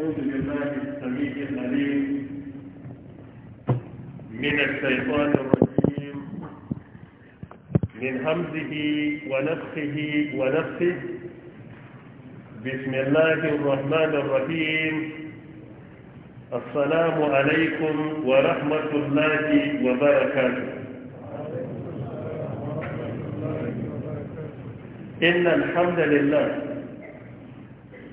أعوذ بالله السميع العليم من الشيطان الرجيم من همزه ونفخه ونفخه بسم الله الرحمن الرحيم السلام عليكم ورحمة الله وبركاته إن الحمد لله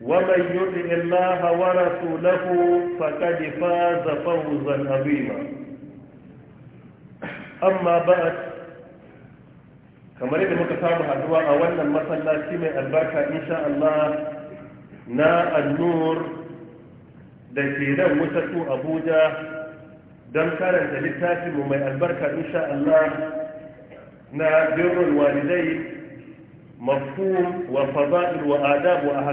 ومن يطع الله ورسوله فقد فاز فوزا عظيما اما بعد kamar yadda muka samu haduwa a wannan masallaci mai albarka insha Allah na annur da ke nan abuja don karanta littafinmu mai albarka insha Allah na birnin walidai mafhum wa fada'il wa adab wa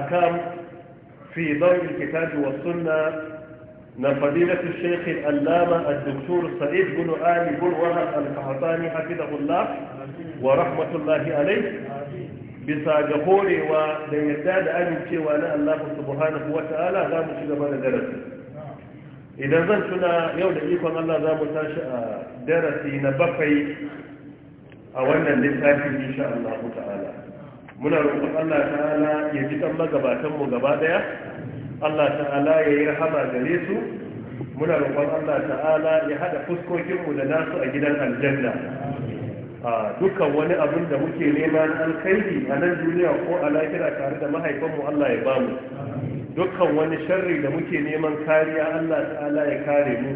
في ضوء الكتاب والسنة من فضيلة الشيخ الألامة الدكتور سعيد بن آل بن وهب القحطاني حفظه الله ورحمة الله عليه bisa ga horewa da yadda da ajin cewa na Allah subhanahu wa ta'ala za mu ci gaba da darasi idan zan tuna yau da ikon Allah za mu tashi a darasi na bakwai a wannan littafin insha Allah ta'ala muna roƙon Allah ta'ala ya ji ɗan magabatan mu gaba ɗaya. Allah ta'ala ya yi rahama gare su muna roƙon Allah ta'ala ya haɗa fuskokin mu da nasu a gidan aljanna a dukkan wani abin da muke nema na alkhairi a nan duniya ko a lahira tare da mahaifinmu Allah ya bamu dukkan wani sharri da muke neman kariya Allah ta'ala ya kare mu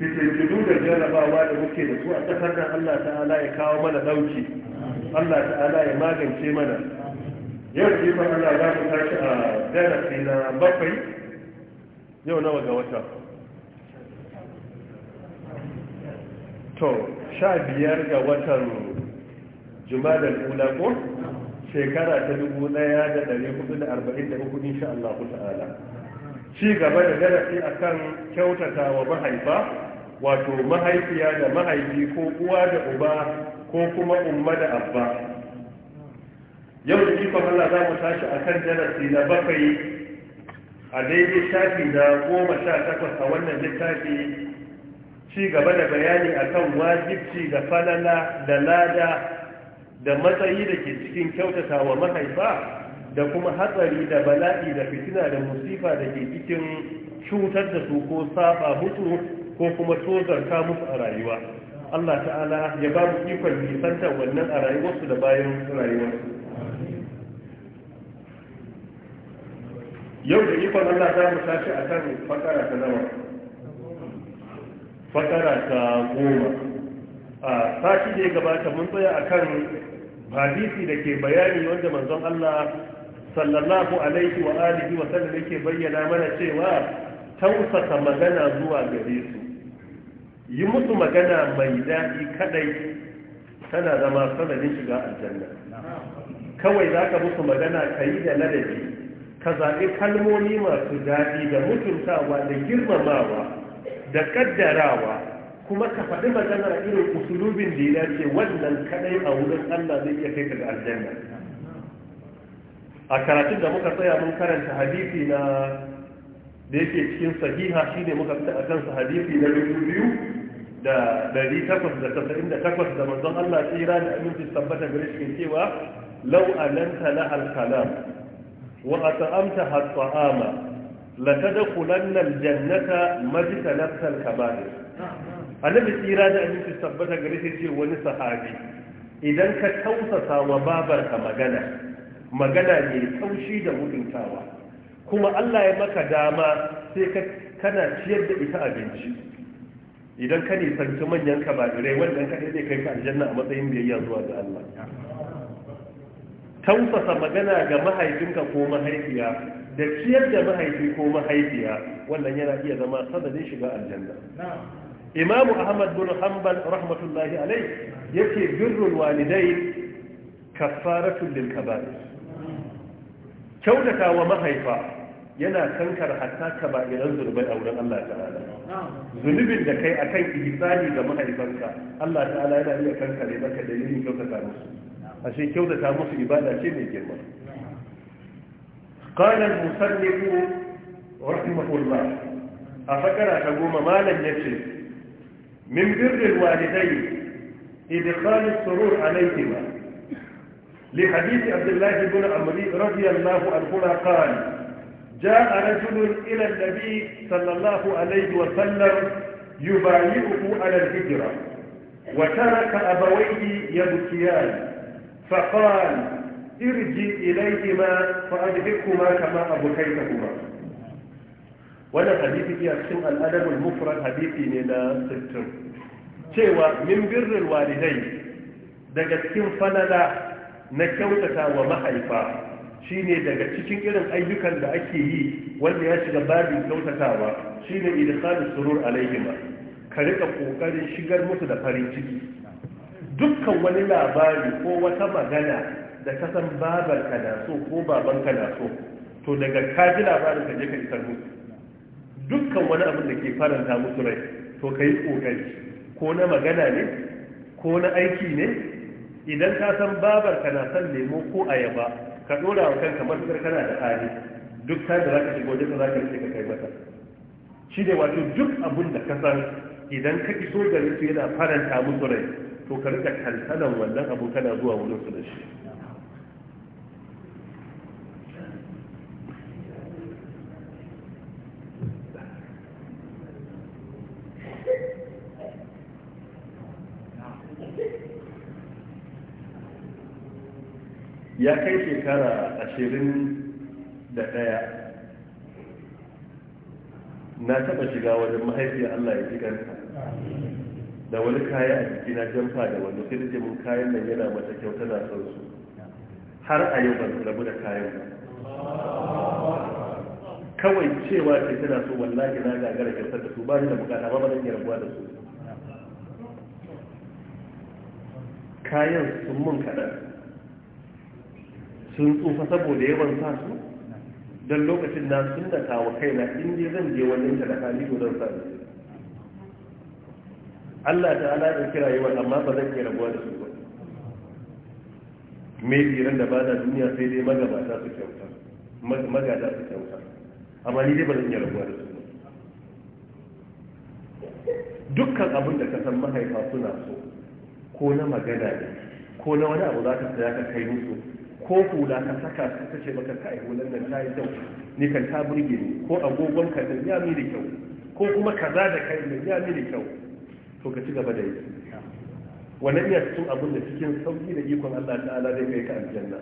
fitintunu da jarabawa da muke da su a ƙasar nan Allah ta'ala ya kawo mana ɗauki. Allah ta'ala ya magance mana yau da ikon Allah za mu tashi a darasi na bakwai yau nawa ga wata to sha biyar ga watan jumadar ula ko shekara ta dubu daya da dari hudu da arba'in da insha Allah ta'ala ci gaba da darasi akan kyautata wa mahaifa wato mahaifiya da mahaifi ko uwa da uba ko kuma umma da abba yau da kifa Allah za mu tashi a kan darasi na bakwai a daidai shafi na goma sha takwas a wannan littafi ci gaba da bayani a kan wajibci da falala da lada da matsayi da ke cikin kyautata wa mahaifa da kuma hatsari da bala'i da fitina da musifa da ke cikin cutar da su ko saba mutu ko kuma tozarta musu a rayuwa Allah ta'ala ya ba mu ikon nisanta wannan a rayuwarsu da bayan rayuwarsu yau da ikon Allah za mu tashi a kan fakara ta nawa fakara ta goma a sati da ya gabata mun tsaya a kan hadisi da ke bayani wanda manzon Allah sallallahu alaihi wa alihi wa sallam yake bayyana mana cewa tausasa magana zuwa gare su yi musu magana mai daɗi kaɗai tana zama sanadin shiga aljanna kawai za ka musu magana ka yi da ladabi ka zaɓi kalmomi masu daɗi da mutuntawa da girmamawa da ƙaddarawa kuma ka faɗi magana irin usulubin da ya dace wannan kaɗai a wurin allah zai iya kai ka ga aljanna a karatun da muka tsaya mun karanta hadisi na da yake cikin sahiha ne muka fita akan hadisi na dubu biyu da ɗari takwas da tasa'in da takwas da manzon Allah tsira da aminci tabbata gare shi cewa lau ananta na al-kalam wa at'amta hat-ta'ama la tadkhulanna al-jannata majtanabta al-kaba'ir annabi tsira da aminci tabbata gare shi ce wani sahabi idan ka tausasa wa babarka magana magana ne taushi da mutuntawa kuma Allah ya maka dama sai ka kana ciyar da ita abinci idan ka nisanci manyan kaba'irai wannan kaɗai zai kai ka aljanna a matsayin biyayya zuwa ga Allah tausasa magana ga mahaifinka ko mahaifiya da ciyar da mahaifi ko mahaifiya wannan yana iya zama sadadin shiga aljanna imamu ahmad bin hanbal rahmatullahi alai yake birrul walidai kafaratun lil kaba'ir kyautata wa mahaifa yana kankar hatta ka ba iran zunubai a wurin Allah ta'ala zunubin da kai akan ihsani ga mahaifanka Allah ta'ala yana iya kankare baka da yin kyautata musu ashe kyautata musu ibada ce mai girma qala al-musallif rahimahullah a fakara ta goma malam yace min idan walidayni idkhal as-surur ba. li Abdullahi abdullah ibn amri radiyallahu anhu qala جاء رجل إلى النبي صلى الله عليه وسلم يبايعه على الهجرة وترك أبويه يبكيان فقال ارجع إليهما فأدركهما كما أبكيتهما ولا حديث في أقسم الأدب المفرد حديثي لنا ستر cewa min birrin walidai daga cikin falala na kyautata wa mahaifa Shi ne daga cikin irin ayyukan da ake yi wanda ya shiga babin kyautatawa idan sami surur alaihima ka rika kokarin shigar musu da farin ciki dukkan wani labari ko wata magana da ka san babarka na so ko babanka na so to daga kaji labarin ka je ka isar musu dukkan wani abin da ke faranta musu rai to ka yi kokari ko na magana ne ko na aiki ne idan ka san babarka na son lemo ko ayaba ka dora wa kanka matukar kana da hali duk ta da zaka shigo wajen zaka rike ka kai mata shi ne wato duk abin da ka san idan ka iso gare su yana faranta musu rai to ka rika kantanan wannan abu kana zuwa wurin su da shi ya kai shekara ashirin da ɗaya na taɓa shiga wajen mahaifiyar Allah ya ji kanta da wani kaya a jikina na jamfa da wani sai mun kayan nan yana mata kyau tana son su har a yau ban rabu da kayan ba kawai cewa ke tana so wallahi na gagara kyautar da su ba ni da bukata ba ba zan iya rabuwa da su kayan sun mun kaɗan sun tsufa saboda yawan sa su don lokacin na sun da kawo kaina na inda zan je wajen ta da hali ko zan sa Allah ta'ala ya kira yawan amma ba zan iya rabuwa da su ba mai tsiran da ba na duniya sai dai magabata su kyauta magada su kyauta amma ni dai ba zan iya rabuwa da su ba dukkan abin da ka san mahaifa suna so ko na magana ne ko na wani abu za ka saya ka kai musu ko hula ka saka su ta ce baka kai hulan da ta yi kyau ni kan ta burge ni ko agogon ka da ya kyau ko kuma kaza da kai da ya mi da kyau to ka ci gaba da yi Wani iya cikin abin da cikin sauki da ikon Allah ta'ala zai kai ka aljanna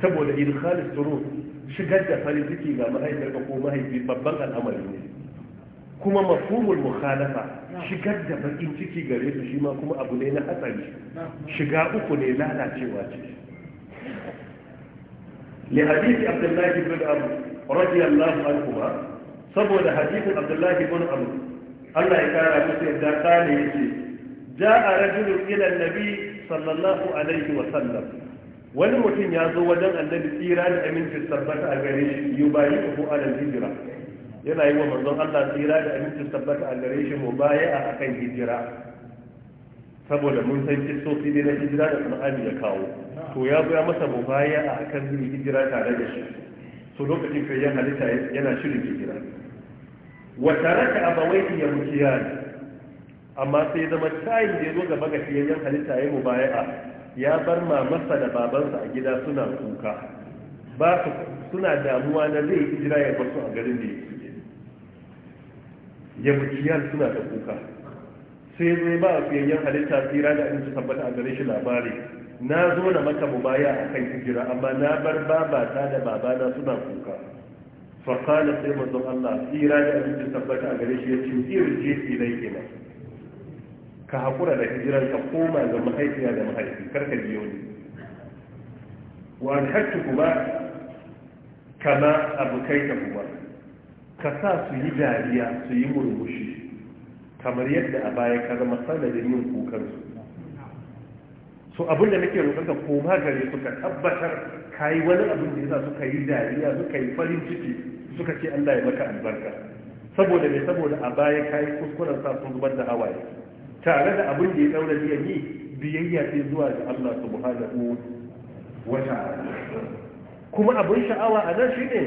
saboda idkhalis surur shigar da farin ciki ga mahaifiyar ka ko mahaifi babban al'amari ne kuma mafhumul mukhalafa shigar da bakin ciki gare su shi ma kuma abu ne na hatsari shiga uku ne lalacewa ce لحديث عبد الله بن أبو رضي الله عنهما سبب حديث عبد Allah ya أبو الله يكارى مثل إذا قال يجي جاء رجل إلى النبي sallallahu alaihi wa sallam. wani mutum ya zo wajen annabi tsira da aminci tabbata a gare shi yi bayi uku alal hijira yana yi wa manzon Allah tsira da aminci tabbata a gare shi mu baya a akan hijira saboda mun san kistofi ne na hijira da qur'ani ya kawo to ya zo ya masa a akan yin hijira tare da shi to lokacin kai yan halitta yana shirin hijira wa taraka abawaihi yari? amma sai zama tayin da ya zo gaba ga yan halitta ya a. ya bar mamarsa da babansa a gida suna kuka ba su suna damuwa na zai hijira ya bar su a garin da Ya yamkiyan suna da kuka sai zai ba a fiyayyen halitta tsira da abinci tabbata a gare shi labari na zo na maka mubaya a kan hijira amma na bar babata da babana suna kuka fakala sai mazan allah tsira da abinci tabbata a gare shi ya ce irje ilai ina ka haƙura da hijiran ka koma ga mahaifiya da mahaifi karka biyo ni wa hakki kuma kama kai ta kuma ka sa su yi dariya su yi murmushi kamar yadda a baya ka zama sanadin yin su so abin da nake roƙon ka koma gare suka tabbatar kai wani abin da yasa suka yi dariya suka yi farin ciki suka ce Allah ya maka albarka saboda me saboda a baya kai kuskuren sa sun zubar da hawaye tare da abin da ya daura biyan yi biyayya ce zuwa ga Allah subhanahu wa ta'ala kuma abin sha'awa a nan shine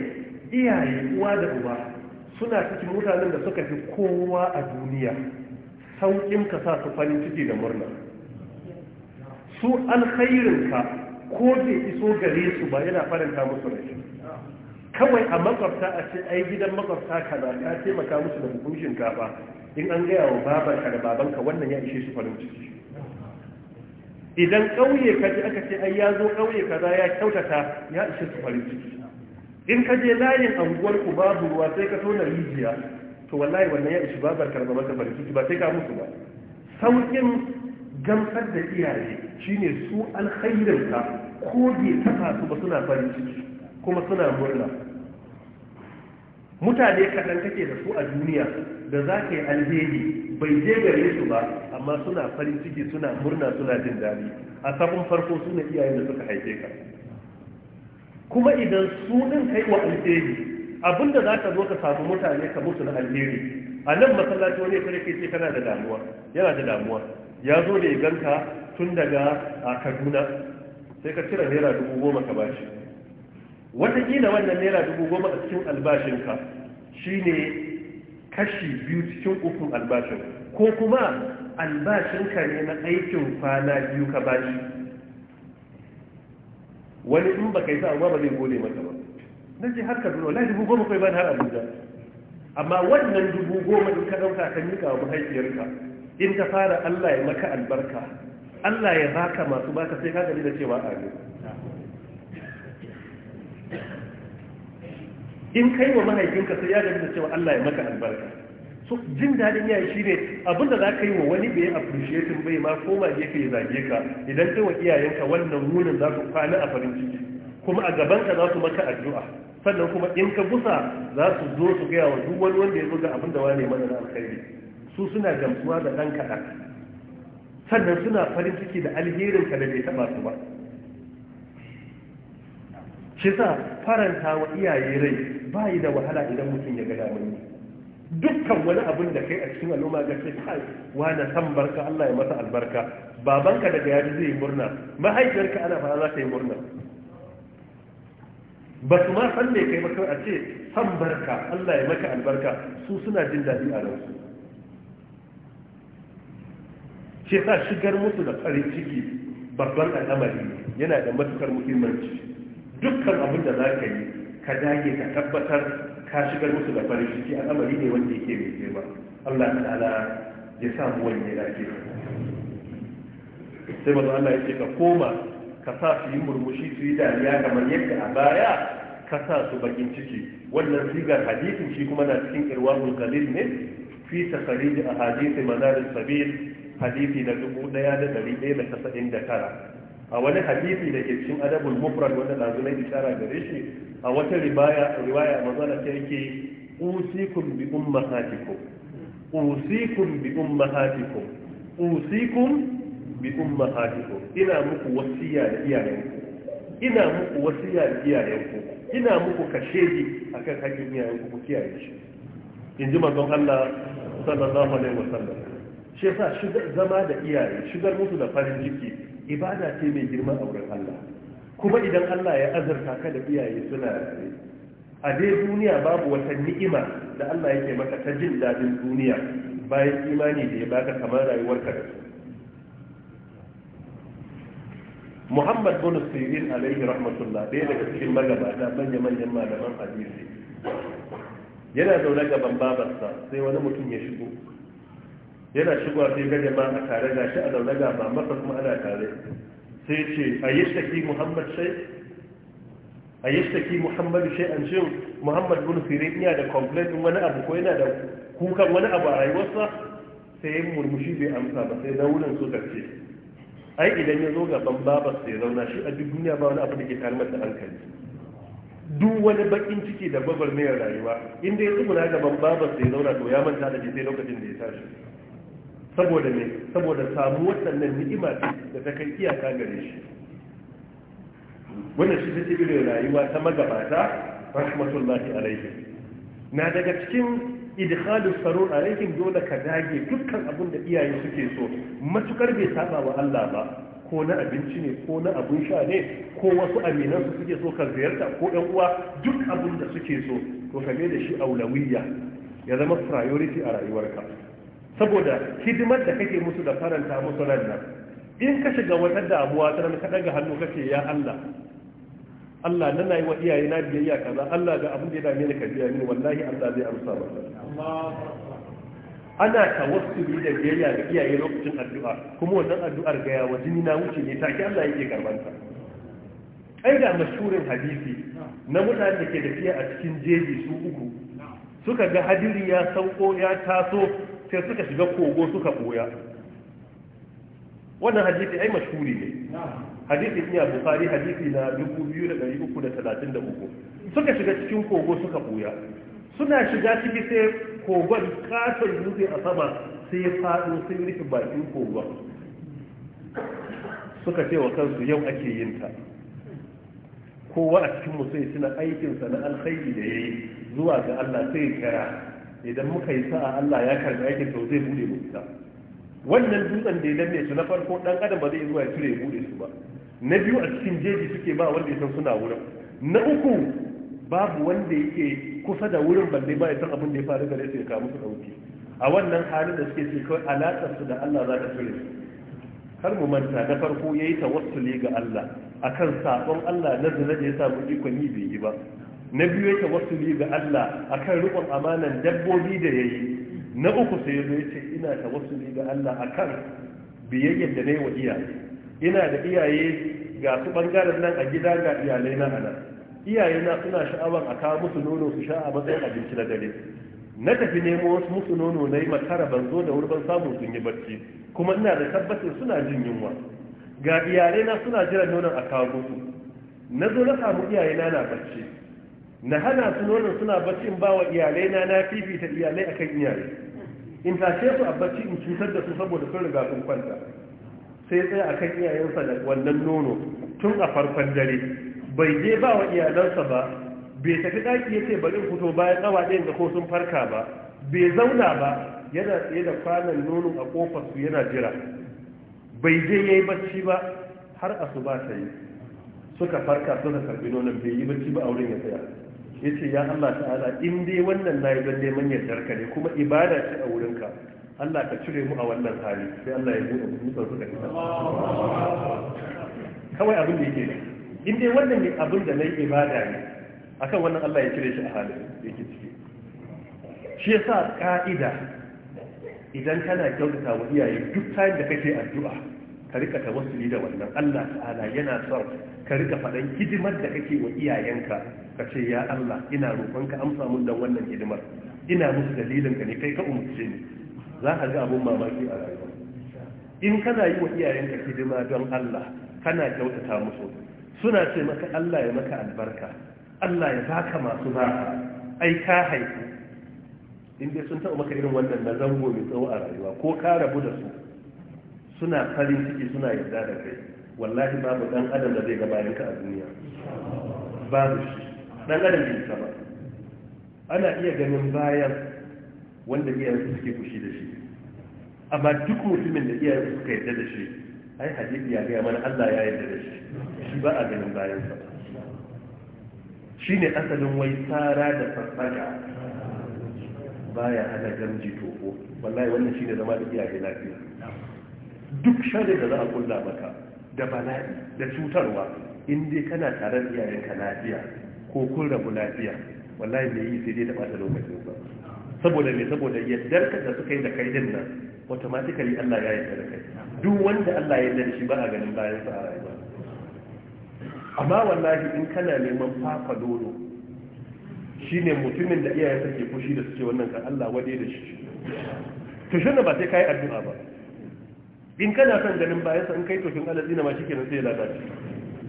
iyaye uwa da uba suna cikin mutanen da suka fi kowa a duniya saukin ka sa su farin ciki da murna su alkhairin ka ko bai iso gare su ba yana faranta musu rai kawai a makwabta a ce ai gidan makwabta ka na ka taimaka musu da buhun shinkafa in an gaya wa ka da babanka wannan ya ishe su farin ciki idan ƙauye ka ji aka ce ai ya zo ƙauye kaza ya kyautata ya ishe su farin ciki in ka je layin anguwar ku babu ruwa sai ka tona rijiya to wallahi wannan ya ishi babar karba maka barkiki ba sai ka musu ba saukin gamsar da iyaye shine su alkhairin ka ko bai saka su ba suna farin ciki kuma suna murna mutane kaɗan kake da su a duniya da za ka yi alheri bai je gare su ba amma suna farin ciki suna murna suna jin daɗi a sabon farko suna iyayen da suka haife ka kuma idan su din kai wa alheri abinda za ka zo ka samu mutane ka mutu na alheri a nan masallaci wani ya ke ce kana da damuwa yana da damuwa ya zo da ya ganka tun daga a kaduna sai ka cire naira dubu goma ka bashi wataƙila wannan naira dubu goma a cikin albashinka shine kashi biyu cikin ukun albashin ko kuma albashinka ne na aikin kwana biyu ka bashi wani in baka yi sa ba zai gode maka ba na ce har kaduna wallahi dubu goma kai ban har abuja amma wannan dubu goma in ka ɗauka kan miƙa wa mahaifiyarka in ta fara allah ya maka albarka allah ya baka masu baka sai ka gani da cewa amin in kai wa mahaifinka sai ya gani da cewa allah ya maka albarka so jin daɗin iyaye shi ne abinda za ka yi wa wani ya appreciating bai ma koma gefe yi zage ka idan kai wa iyayenka wannan munin za su kwana a farin ciki kuma a gaban ka za su maka addu'a sannan kuma in ka gusa za su zo su gaya wa duk wani wanda ya zo ga abin da wane mana na alkhairi su suna gamsuwa da ɗan kaɗan sannan suna farin ciki da alherin ka da bai taɓa su ba shi faranta wa iyaye rai ba yi da wahala idan mutum ya ga damar dukkan wani abin da kai a cikin al'umma ga ce kai wani san barka Allah ya masa albarka babanka daga yaji zai yi murna mahaifiyarka ana fara za ta yi murna ba su ma san me kai maka a ce san barka Allah ya maka albarka su suna jin daɗi a ransu ce sa shigar musu da farin ciki babban al'amari yana da matukar muhimmanci dukkan abin da za ka yi ka dage ka tabbatar ka shigar musu da farin ciki kamari ne wanda yake mai girma. Allah ta'ala ya sa mu wani ke. sai mazu Allah ya ce ka koma ka sa su yi murmushi su yi dariya kamar yadda a baya ka sa su bakin ciki wannan sigar hadisin shi kuma na cikin irwahul galil ne fi tafarij ahadith manar sabir hadisi na dubu da da dari tara. a wani hadisi da ke cikin adabul mufrad wanda lazunai ishara gare shi a wata riwaya riwaya manzala ta yake usikum bi ummahatikum usikum bi ummahatikum usikum bi ummahatikum ina muku wasiya da iyayenku ina muku wasiya da iyayenku ina muku ji akan hakkin iyayenku ku kiyaye shi inji manzon Allah sallallahu alaihi wasallam shi yasa zama da iyaye shigar musu da farin ciki ibada ce mai girma auren Allah kuma idan Allah ya azurta ka da iyaye suna rare a dai duniya babu wata ni'ima da Allah yake maka ta jin dadin duniya bayan imani da ya baka kamar rayuwar ka Muhammad bin Sirin alaihi rahmatullah dai daga cikin magabata manya-manyan malaman hadisi yana zaune gaban babarsa sai wani mutum ya shigo yana shigo sai ga jama'a tare da shi a zaune ga masa kuma ana tare sai ce a yi shaki muhammad shai a yi shaki muhammadu shai an shi muhammad bin firin yana da complain wani abu ko yana da kukan wani abu a rayuwarsa sai murmushi bai amsa ba sai na wurin su ce ai idan ya zo gaban babas sai zauna shi a duk duniya ba wani abu da ke tare masa hankali duk wani bakin ciki da babar mayar rayuwa inda ya tsuguna gaban babas sai zauna to ya manta da shi lokacin da ya tashi saboda ne saboda samu waɗannan ni'ima da ta kai iyaka gare shi wannan shi take irin rayuwa ta magabata rahmatullahi alaihi na daga cikin idkhalu sarur alaihim dole ka dage dukkan abin da iyaye suke so matukar bai saba wa Allah ba ko na abinci ne ko na abun sha ne ko wasu aminan su suke so ka ziyarta ko ɗan uwa duk abin da suke so to kame da shi aulawiyya ya zama priority a rayuwarka saboda hidimar da kake musu da faranta musu nan nan in ka shiga wata damuwa ta ka daga hannu kake ya Allah Allah nan nayi wa iyaye na biyayya kaza Allah ga abin da ya dame ni ka biya mini wallahi Allah zai amsa ba. ana tawassuli da biyayya ga iyaye lokacin addu'a kuma wannan addu'ar ga yawa jini na wuce ne take Allah yake karbanta ai da mashhurin hadisi na mutane da ke tafiya a cikin jeji su uku suka ga hadiri ya sauko ya taso sai suka shiga kogo suka boya wannan hadisi ai mashhuri ne hadisi ibn bukhari hadisi na 2333 suka shiga cikin kogo suka boya suna shiga ciki sai kogon kasar dutse a sama sai ya faɗo sai rufe bakin kogon suka ce wa kansu yau ake yin ta kowa a cikin mutum suna aikinsa na alkhairi da ya yi zuwa ga Allah sai kira idan muka yi sa'a Allah ya karbi aikin to zai bude mu ita wannan dutsen da ya danne su na farko dan adam ba zai zuwa ya cire ya bude su ba na biyu a cikin jeji suke ba wanda ya san suna wurin na uku babu wanda yake kusa da wurin balle ba ya san abin da ya faru gare su ya kawo musu dauki a wannan halin da suke ce kawai alaƙar su da Allah za ta cire su kar mu manta na farko yayi tawassuli ga Allah akan sabon Allah na zina da ya samu ikon yi bai yi ba na biyu yake li ga Allah akan rikon amanan dabbobi da ya yi, na uku sai yazo yace ina li ga Allah akan biyayyar da nayi wa iyaye ina da iyaye ga su bangaren nan a gida ga iyalai na ana iyaye na suna sha'awar a kawo musu nono su sha a matsayin abinci na dare na tafi nemo wasu musu nono na yi makara ban zo da wuri ban samu sun yi barci kuma ina da tabbacin suna jin yunwa ga iyalai na suna jiran nonon a kawo musu na zo na samu iyaye na na barci na hana su nonon suna bacci in bawa iyalai na na fifita iyalai akan iyalai in tashe su a bacci in cutar da su saboda sun riga sun kwanta sai tsaya kan iyayensa da wannan nono tun a farkon dare bai je ba wa iyalansa ba bai tafi ɗaki ya ce bari fito bayan tsawa ɗayan da ko sun farka ba bai zauna ba yana tsaye da kwanan nono a ƙofar su yana jira bai je ya yi bacci ba har asuba ta yi suka farka suka karbi nonon bai yi bacci ba a wurin ya tsaya ya ce ya Allah ta'ala in dai wannan na yi don neman yardar ka ne kuma ibada ce a wurinka Allah ka cire mu a wannan hali sai Allah ya buɗe mutum su da kita kawai abin da yake ne in dai wannan ne abin da na yi ibada ne akan wannan Allah ya cire shi a halin da yake ciki shi yasa ka'ida idan kana kyautata wa iyaye duk tayin da kake addu'a ka rika tawassuli da wannan Allah ta'ala yana son ka rika faɗan hidimar da kake wa iyayenka ka ce ya Allah ina roƙonka amsa mun dan wannan hidimar ina musu dalilin ka ne kai ka umurce ni za ka ga abun mamaki a rayuwa in kana yi wa iyayenka hidima don Allah kana kyautata musu suna ce maka Allah ya maka albarka Allah ya baka masu ba ai ka haifu in dai sun taɓa maka irin wannan na zango mai tsawo a rayuwa ko ka rabu da su suna farin ciki suna yarda da kai wallahi babu dan adam da zai gabayin ka a duniya babu shi dan adam bai isa ba ana iya ganin bayan wanda iyayensu suke fushi da shi amma duk mutumin da iyayensu suka yarda da shi ai hadisi ya gaya mana Allah ya yarda da shi shi ba a ganin bayansa shine asalin wai tsara da farfaga baya hana gamji tofo. wallahi wannan shine zama da iyaye lafiya duk sharin da za a kulla maka da bala'i da cutarwa in dai kana tare da iyayenka lafiya ko kun rabu lafiya wallahi me yi sai dai da bata lokacin ba saboda mai saboda yaddar ka da suka yi da kai din nan automatically Allah ya yarda da kai duk wanda Allah ya yarda da shi ba a ganin bayan sa a rayuwa amma wallahi in kana neman fafa dolo shine mutumin da iyayensa ke fushi da suke wannan kan Allah wade da shi to shine ba sai kai addu'a ba in kana son ganin bayansa in kai tofin alazi na mashi kenan sai lalace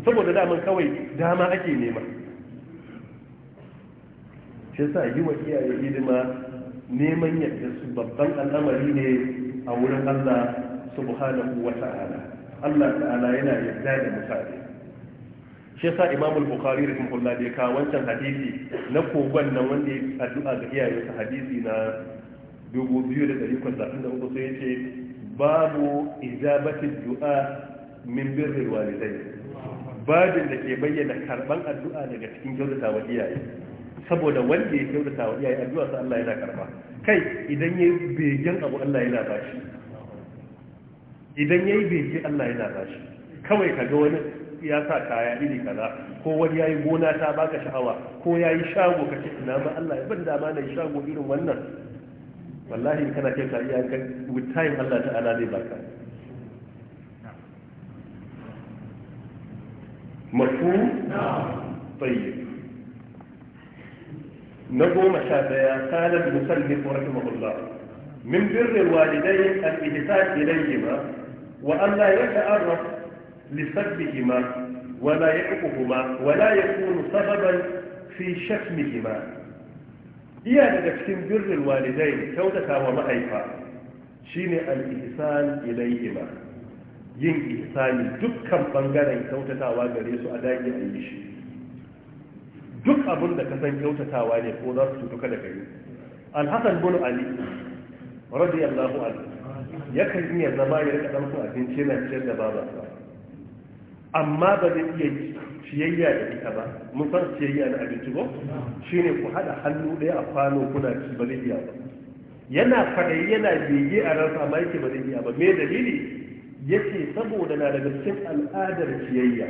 saboda daman kawai dama ake nema shi sa yi wa iyaye hidima neman yadda su babban al'amari ne a wurin Allah subhanahu wa ta'ala Allah ta'ala yana yadda da mutane shi sa Imam al-Bukhari rahimahullah da ka wancan hadisi na kogon nan wanda ya addu'a ga iyayensa hadisi na 2,233 sai ya ce babu ijabatin du'a min birri walidai babin da ke bayyana karban addu'a daga cikin kyautata wa iyaye saboda wanda ya kyautata wa iyaye addu'a sa Allah yana karba kai idan yayi begen abu Allah yana bashi idan yayi bege Allah yana bashi kawai kaga wani ya sa kaya iri kaza ko wani yayi gona ta baka sha'awa ko yayi shago kace ina ma Allah ya ban dama na shago irin wannan wallahi kana kai ta iya kan with time Allah ta'ala zai baka mafu tayyib na goma sha daya kala bin sallin kuwarki mahulla min birrin walidai al'ijita ilayhi ma wa Allah ya ta'arraf lisabbihi ma ولا يحبهما ولا يكون سببا في iya daga cikin birrin walidai kyautata wa mahaifa shine al-ihsan ilayhima yin ihsani dukkan bangaren kyautatawa gare su a dage a yi shi duk abin da ka san kyautatawa ne ko za su cutu da gari. alhassan bin ali radiyallahu anhu yakan iya zama ya rika ɗan abinci na ciyar da babansa amma ba zai iya ciyayya da ita ba mun san ciyayya na abinci ba shine ku hada hannu ɗaya a kwano kuna ci ba zai iya ba yana fadai yana bege a ransa amma yake ba zai iya ba me dalili yake saboda na daga cikin al'adar ciyayya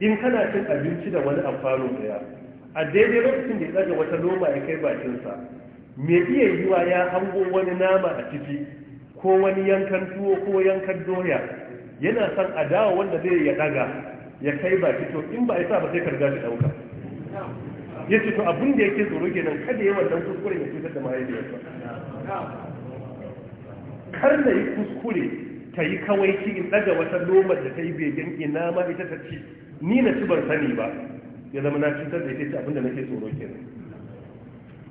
in kana cin abinci da wani amfano ɗaya, a daidai lokacin da ya tsaga wata loma ya kai bakinsa me iya yiwa ya hango wani nama a ciki ko wani yankan tuwo ko yankan doya yana son a dawo wanda zai ya daga ya kai baki to in ba isa ba sai karga shi dauka ya ce to abin da yake tsoro kenan kada ya wannan kuskure ya cutar da mahaifiyarsa kar na yi kuskure ta yi kawai ki in daga wata lomar da ta yi begen ina ma ita ta ci ni na ci ban sani ba ya zama na cutar da ita ce abin da nake tsoro kenan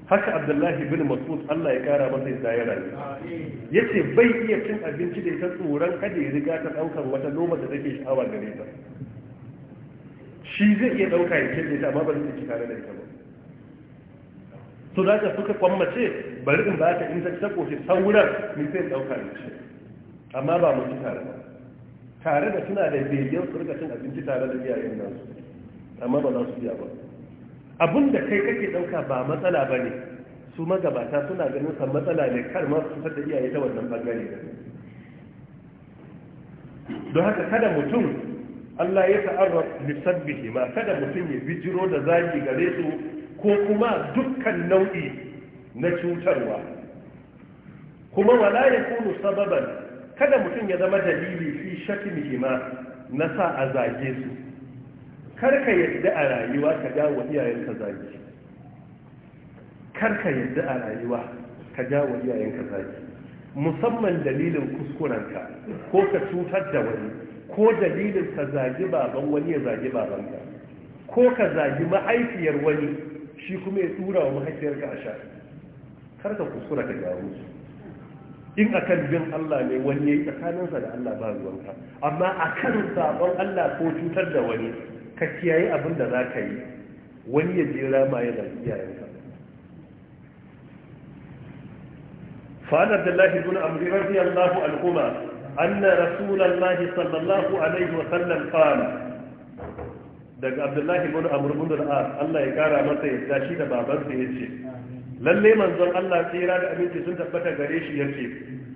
haka abdullahi bin masud allah ya kara masa ya ya rayu ya ce bai iya cin abinci da ita tsoron kada ya riga ta ɗaukar wata lomar da take sha'awa gare ta shi zai iya ɗauka ya kebe ta amma ba zai ci tare da ita ba to za ka suka kwammace bari in ba ta in ta ta sauran mai sai ɗauka da ce amma ba mu ci tare ba tare da suna da bege su rika cin abinci tare da iyayen nasu amma ba za su biya ba abin da kai kake ɗauka ba matsala ba ne su magabata suna ganin sa matsala ne kar ma su fitar da iyaye ta wannan bangare da don haka kada mutum Allah ya ta'arraf bi sabbihi ma kada mutum ya bijiro da zagi gare su ko kuma dukkan nau'i na cutarwa kuma wala kunu sababan kada mutum ya zama dalili fi shakmihi ma na sa a zage su karka yadda a rayuwa ka dawo iyayenka zage karka yadda a rayuwa ka wa iyayenka zage musamman dalilin kuskurenka ko ka cutar da wani ko dalilin ka zagi baban wani ya zagi babanka ko ka zagi mahaifiyar wani shi kuma ya tura wa mahaifiyarka a sha kar ka kuskura ka jawo su in akan bin Allah ne wani yayi tsakaninsa da Allah ba ruwanka amma akan sabon Allah ko cutar da wani ka kiyaye abin da za ka yi wani ya je rama ya zagi iyayenka fa Abdullahi dun amri radiyallahu anhu أن رسول الله صلى الله عليه وسلم قال daga Abdullahi bin Amr bin al Allah ya kara masa yadda shi da babansa yace lalle manzon Allah tsira da abinci sun tabbata gare shi yace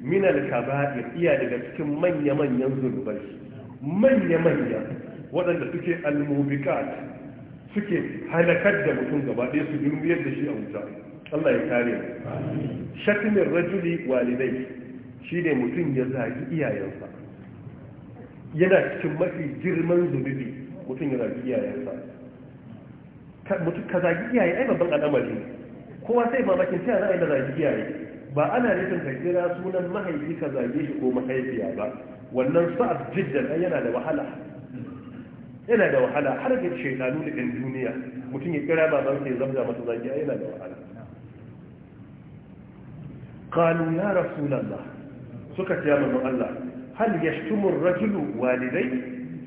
min al-kaba'ir iya daga cikin manya manyan zunubai manya manya waɗanda suke al-mubiqat suke halakar da mutum gaba ɗaya su dumbiyar da shi a wuta Allah ya kare mu rajuli walidai shi ne mutum ya zagi iyayensa yana cikin mafi girman zunubi mutum ya zagi iyayensa ka zagi iyaye ai babban al'amari kowa sai mamakin ta ra'ayi da zagi iyaye ba ana nufin ka kira sunan mahaifi ka zage shi ko mahaifiya ba wannan sa'ad jiddan yana da wahala yana da wahala har da shaidanu da duniya mutum ya kira baban sai zamza masa zagi yana da wahala قالوا يا رسول الله suka ce manzon Allah hal yashtumu ar-rajulu walidai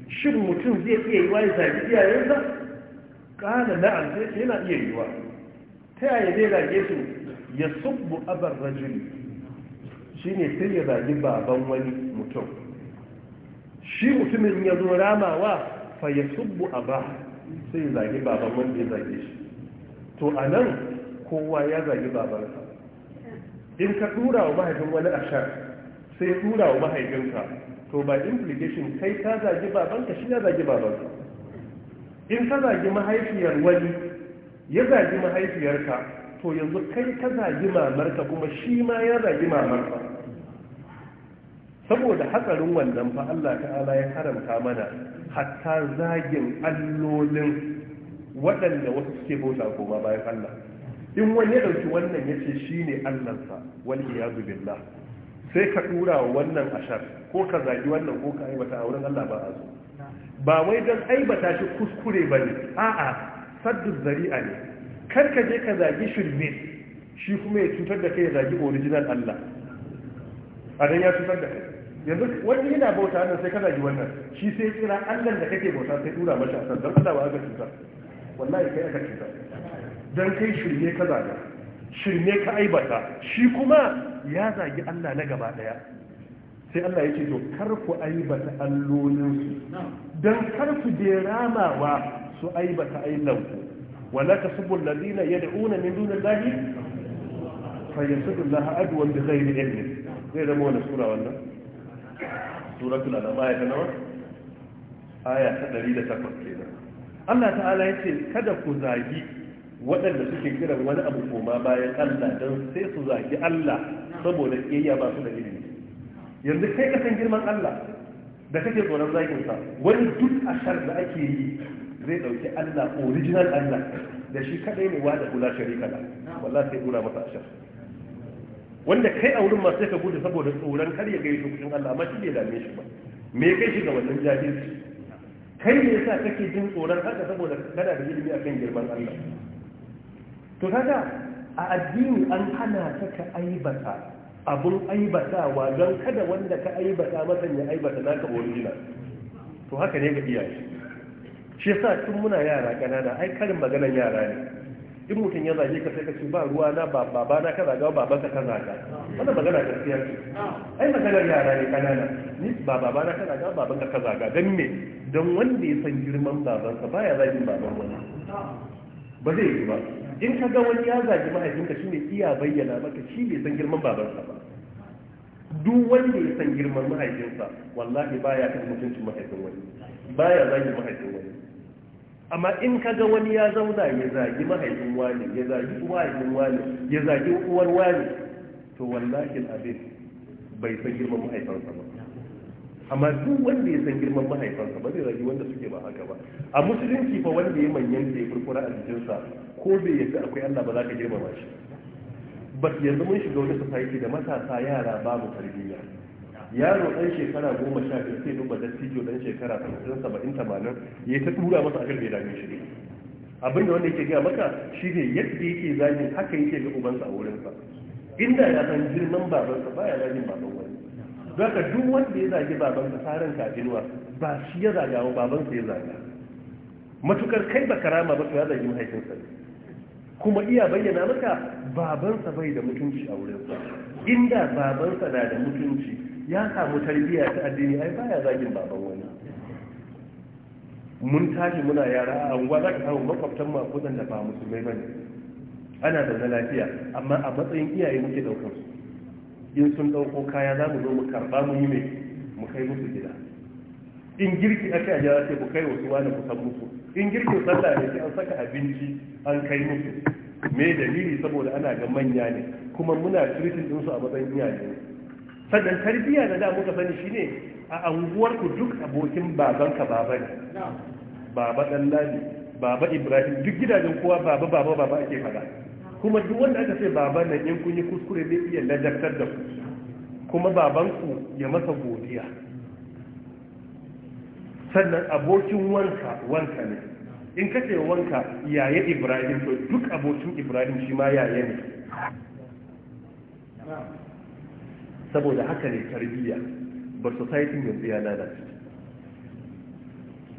shin mutum zai iya yi wai zabi iyayensa kana na'am sai yana iya yi wa ta yaya zai rage su ya subbu abar rajuli shine sai ya zagi baban wani mutum shi mutumin ya zo ramawa fa ya subbu aba sai ya zagi baban wanda ya zage shi to a nan kowa ya zagi babansa in ka tura wa mahaifin wani ashar sai tura wa mahaifinka to by implication kai ka zagi babanka shi ya zagi babanka in ka zagi mahaifiyar wani ya zagi mahaifiyarka to yanzu kai ka zagi mamarka kuma shi ma ya zagi mamarka saboda hatsarin wannan fa Allah ta'ala ya haramta mana hatta zagin allolin waɗanda wasu suke bauta koma bayan Allah in wani ya ɗauki wannan ya ce shi ne Allahnsa wani ya billah sai ka dura wannan ashar ko ka zagi wannan ko ka aibata a wurin Allah ba a zo ba wai dan aibata shi kuskure bane a'a saddu zari'a ne kar ka je ka zagi shirme shi kuma ya cutar da kai ya zagi original Allah a dan ya cutar da kai yanzu wani yana bauta wannan sai ka zagi wannan shi sai tsira Allah da kake bauta sai dura masa asar dan Allah ba aka cutar wallahi kai aka cutar dan kai shirme ka zaga shirme ka aibata shi kuma ya zagi Allah na gaba daya sai Allah yake to kar ku aibata allolinsu dan kar ku je ramawa su aibata ku wala tasubbu alladhina yad'una min dunillahi fayasudu Allah adwan ghairi ilmin zai zama wani sura wannan suratul anam aya ta nawa aya ta 108 kenan Allah ta'ala yake kada ku zagi waɗanda suke kiran wani abu koma bayan Allah don sai su zaki Allah saboda kiyayya ba su da ilimi yanzu kai ka san girman Allah da kake tsoron zakin sa wani duk ashar da ake yi zai dauki Allah original Allah da shi kadai ne wa da kula sharika da wallahi sai dura masa ashar wanda kai a wurin ma sai ka gudu saboda tsoron kar ya gaishe kushin Allah amma shi bai dame shi ba me kai shi ga wannan jahilci kai ne yasa kake jin tsoron haka saboda kada da ilimi akan girman Allah to kaga a addini an hana ta ka aibata abun aibatawa don kada wanda ka aibata masa ya aibata naka original to haka ne ga iyaye shi yasa tun muna yara kanana ai karin maganar yara ne in mutum ya zage ka sai ka ce ba ruwa na ba baba na kaza ga baba ka kaza ka wannan magana gaskiya ce ai maganar yara ne kanana ni ba baba na kaza ga baba ka kaza ga dan me don wanda ya san girman babansa baya zagin baban wani ba zai yi ba in ka ga wani ya zagi mahaifinka shine iya bayyana maka shi ne san girman babansa ba duk wanda ya san girman mahaifinsa wallahi baya kan mutuncin mahaifin wani baya zagi mahaifin wani amma in ka ga wani ya zauna ya zagi mahaifin wani ya zagi mahaifin wani ya zagi uwar wani to wallahi abin bai san girman mahaifinsa ba amma duk wanda ya san girman mahaifinsa ba zai rage wanda suke ba haka ba a musulunci fa wanda ya manyan da ya furfura a jikinsa ko bai yadda akwai Allah ba za ka girmama shi Ba yanzu mun shiga wani society da matasa yara babu tarbiyya yaro dan shekara goma sha biyar sai duba dattijo dan shekara sittin saba'in tamanin ya ta tura masa akan bai dame shi abin da wanda yake gaya maka shi ne yadda yake zagin haka yake ga ubansa a wurinsa inda ya san girman babansa baya zagin baban wani zaka duk wanda ya zagi babansa saran kajinuwa ba shi ya zaga wa babansa ya zaga matukar kai ba karama ba to ya zagi mahaifinsa ne kuma iya bayyana maka babansa bai da mutunci a wurin inda babansa na da mutunci ya samu tarbiyya ta addini ai baya zagin baban wani mun tashi muna yara a unguwa za ka samu makwabtan a da ba musulmai bane ana da na lafiya amma a matsayin iyaye muke daukar su in sun dauko kaya za mu zo mu karba mu yi mai mu kai musu gida in girki aka a ajiyar sai ku kai wasu wani kusan muku. in girkin sallah ne sai an saka abinci an kai musu me dalili saboda ana ga manya ne kuma muna tiritin su a matsayin iyaye ne sannan tarbiyya na da muka sani shine a anguwar ku duk abokin babanka baba ne baba dan ladi baba ibrahim duk gidajen kowa baba baba baba ake faɗa kuma duk wanda aka ce baba nan in kun yi kuskure zai iya ladabtar da ku kuma babanku ya masa godiya sannan abokin wanka wanka ne in ka ce wanka yaya ibrahim to duk abokin ibrahim shi ma yaya ne saboda haka ne tarbiyya ba society yanzu ya lalace